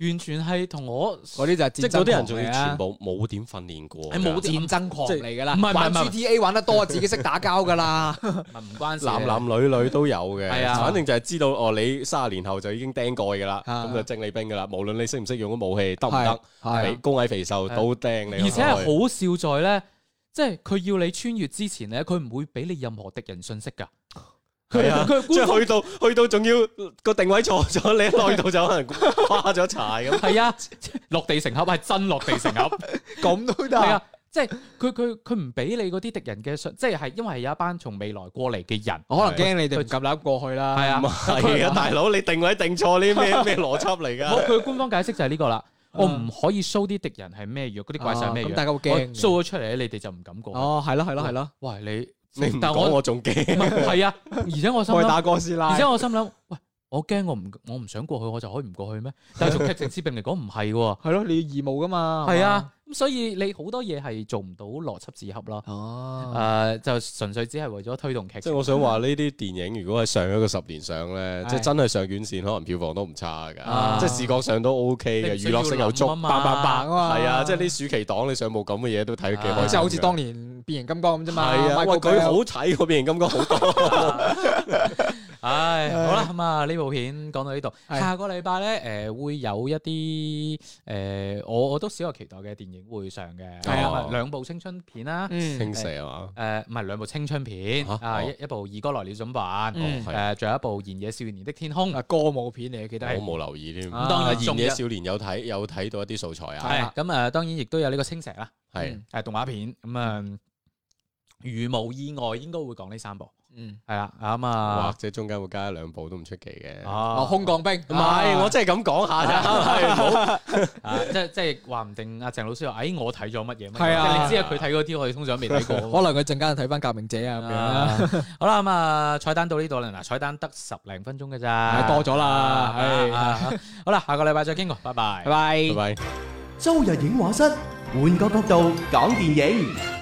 完全係同我嗰啲就係即係嗰啲人仲要全部冇點訓練過，係冇戰爭狂嚟噶啦。唔係唔係玩 GTA 玩得多， 自己識打交噶啦。唔 關事男男女女都有嘅，係啊的，反正就係知道的哦。你卅年後就已經釘蓋噶啦，咁的就徵理兵噶啦。無論你識唔識用個武器，得唔的得？係高矮肥瘦都釘你。而且係好笑在咧，即係佢要你穿越之前咧，佢唔會俾你任何敵人信息噶。係啊，即係去到去到，仲要個定位錯咗，你一內到就可能花咗柴咁。係啊，落地成盒係真落地成盒，咁都得。係啊，即係佢佢佢唔俾你嗰啲敵人嘅，信。即係係因為有一班從未來過嚟嘅人，可能驚你哋唔敢 𨁂 過去啦。係啊，係啊，大佬，你定位定錯呢啲咩咩邏輯嚟噶？佢官方解釋就係呢個啦，我唔可以 show 啲敵人係咩藥，嗰啲怪獸係咩藥，大家會驚 show 咗出嚟你哋就唔敢過。哦，係咯，係咯，係咯，喂你，你唔答我， 我，我仲驚。係啊，而且我心，我打哥斯拉。而且我心諗，喂，我驚，我唔，我唔想過去，我就可以唔過去咩？但係從劇情設定嚟講，唔係喎。係咯，你要義務噶嘛。係是啊。所以你好多嘢係做唔到邏輯自洽咯，哦、啊，誒、呃，就純粹只係為咗推動劇情，即係我想話呢啲電影，如果係上一個十年上咧，即係唉真係上院線，可能票房都唔差噶，即係唉視覺上都 OK 嘅，娛樂性又足，白白白啊嘛，係啊，即係啲暑期檔你上部咁嘅嘢都睇幾開心即係唉好似當年變形金剛咁啫嘛，哇、啊，佢好睇過變形金剛好多。啊 唉，好啦，咁啊，呢部片講到呢度，下個禮拜咧，誒，會有一啲，誒，我我都少有期待嘅電影會上嘅，係啊，兩部青春片啦，青蛇啊嘛，誒，唔係兩部青春片啊，一一部《二哥來了》怎麼辦，誒，仲有一部《燃野少年的天空》，歌舞片你嘅，記得，我冇留意添，咁當然《燃野少年》有睇，有睇到一啲素材啊，係，咁啊，當然亦都有呢個《青蛇》啦，係，係動畫片，咁啊，如無意外，應該會講呢三部。嗯，係啦，啱啊，或者中間會加一兩部都唔出奇嘅。哦，空降兵，唔係，我真係咁講下咋，係好，即係即係話唔定阿鄭老師話，哎，我睇咗乜嘢，即係你知啊，佢睇嗰啲我哋通常未睇過，可能佢陣間睇翻革命者啊咁樣好啦，咁啊，彩蛋到呢度啦，嗱，彩蛋得十零分鐘嘅咋，多咗啦，係，好啦，下個禮拜再傾過，拜拜，拜拜，拜拜，周日影畫室換個角度講電影。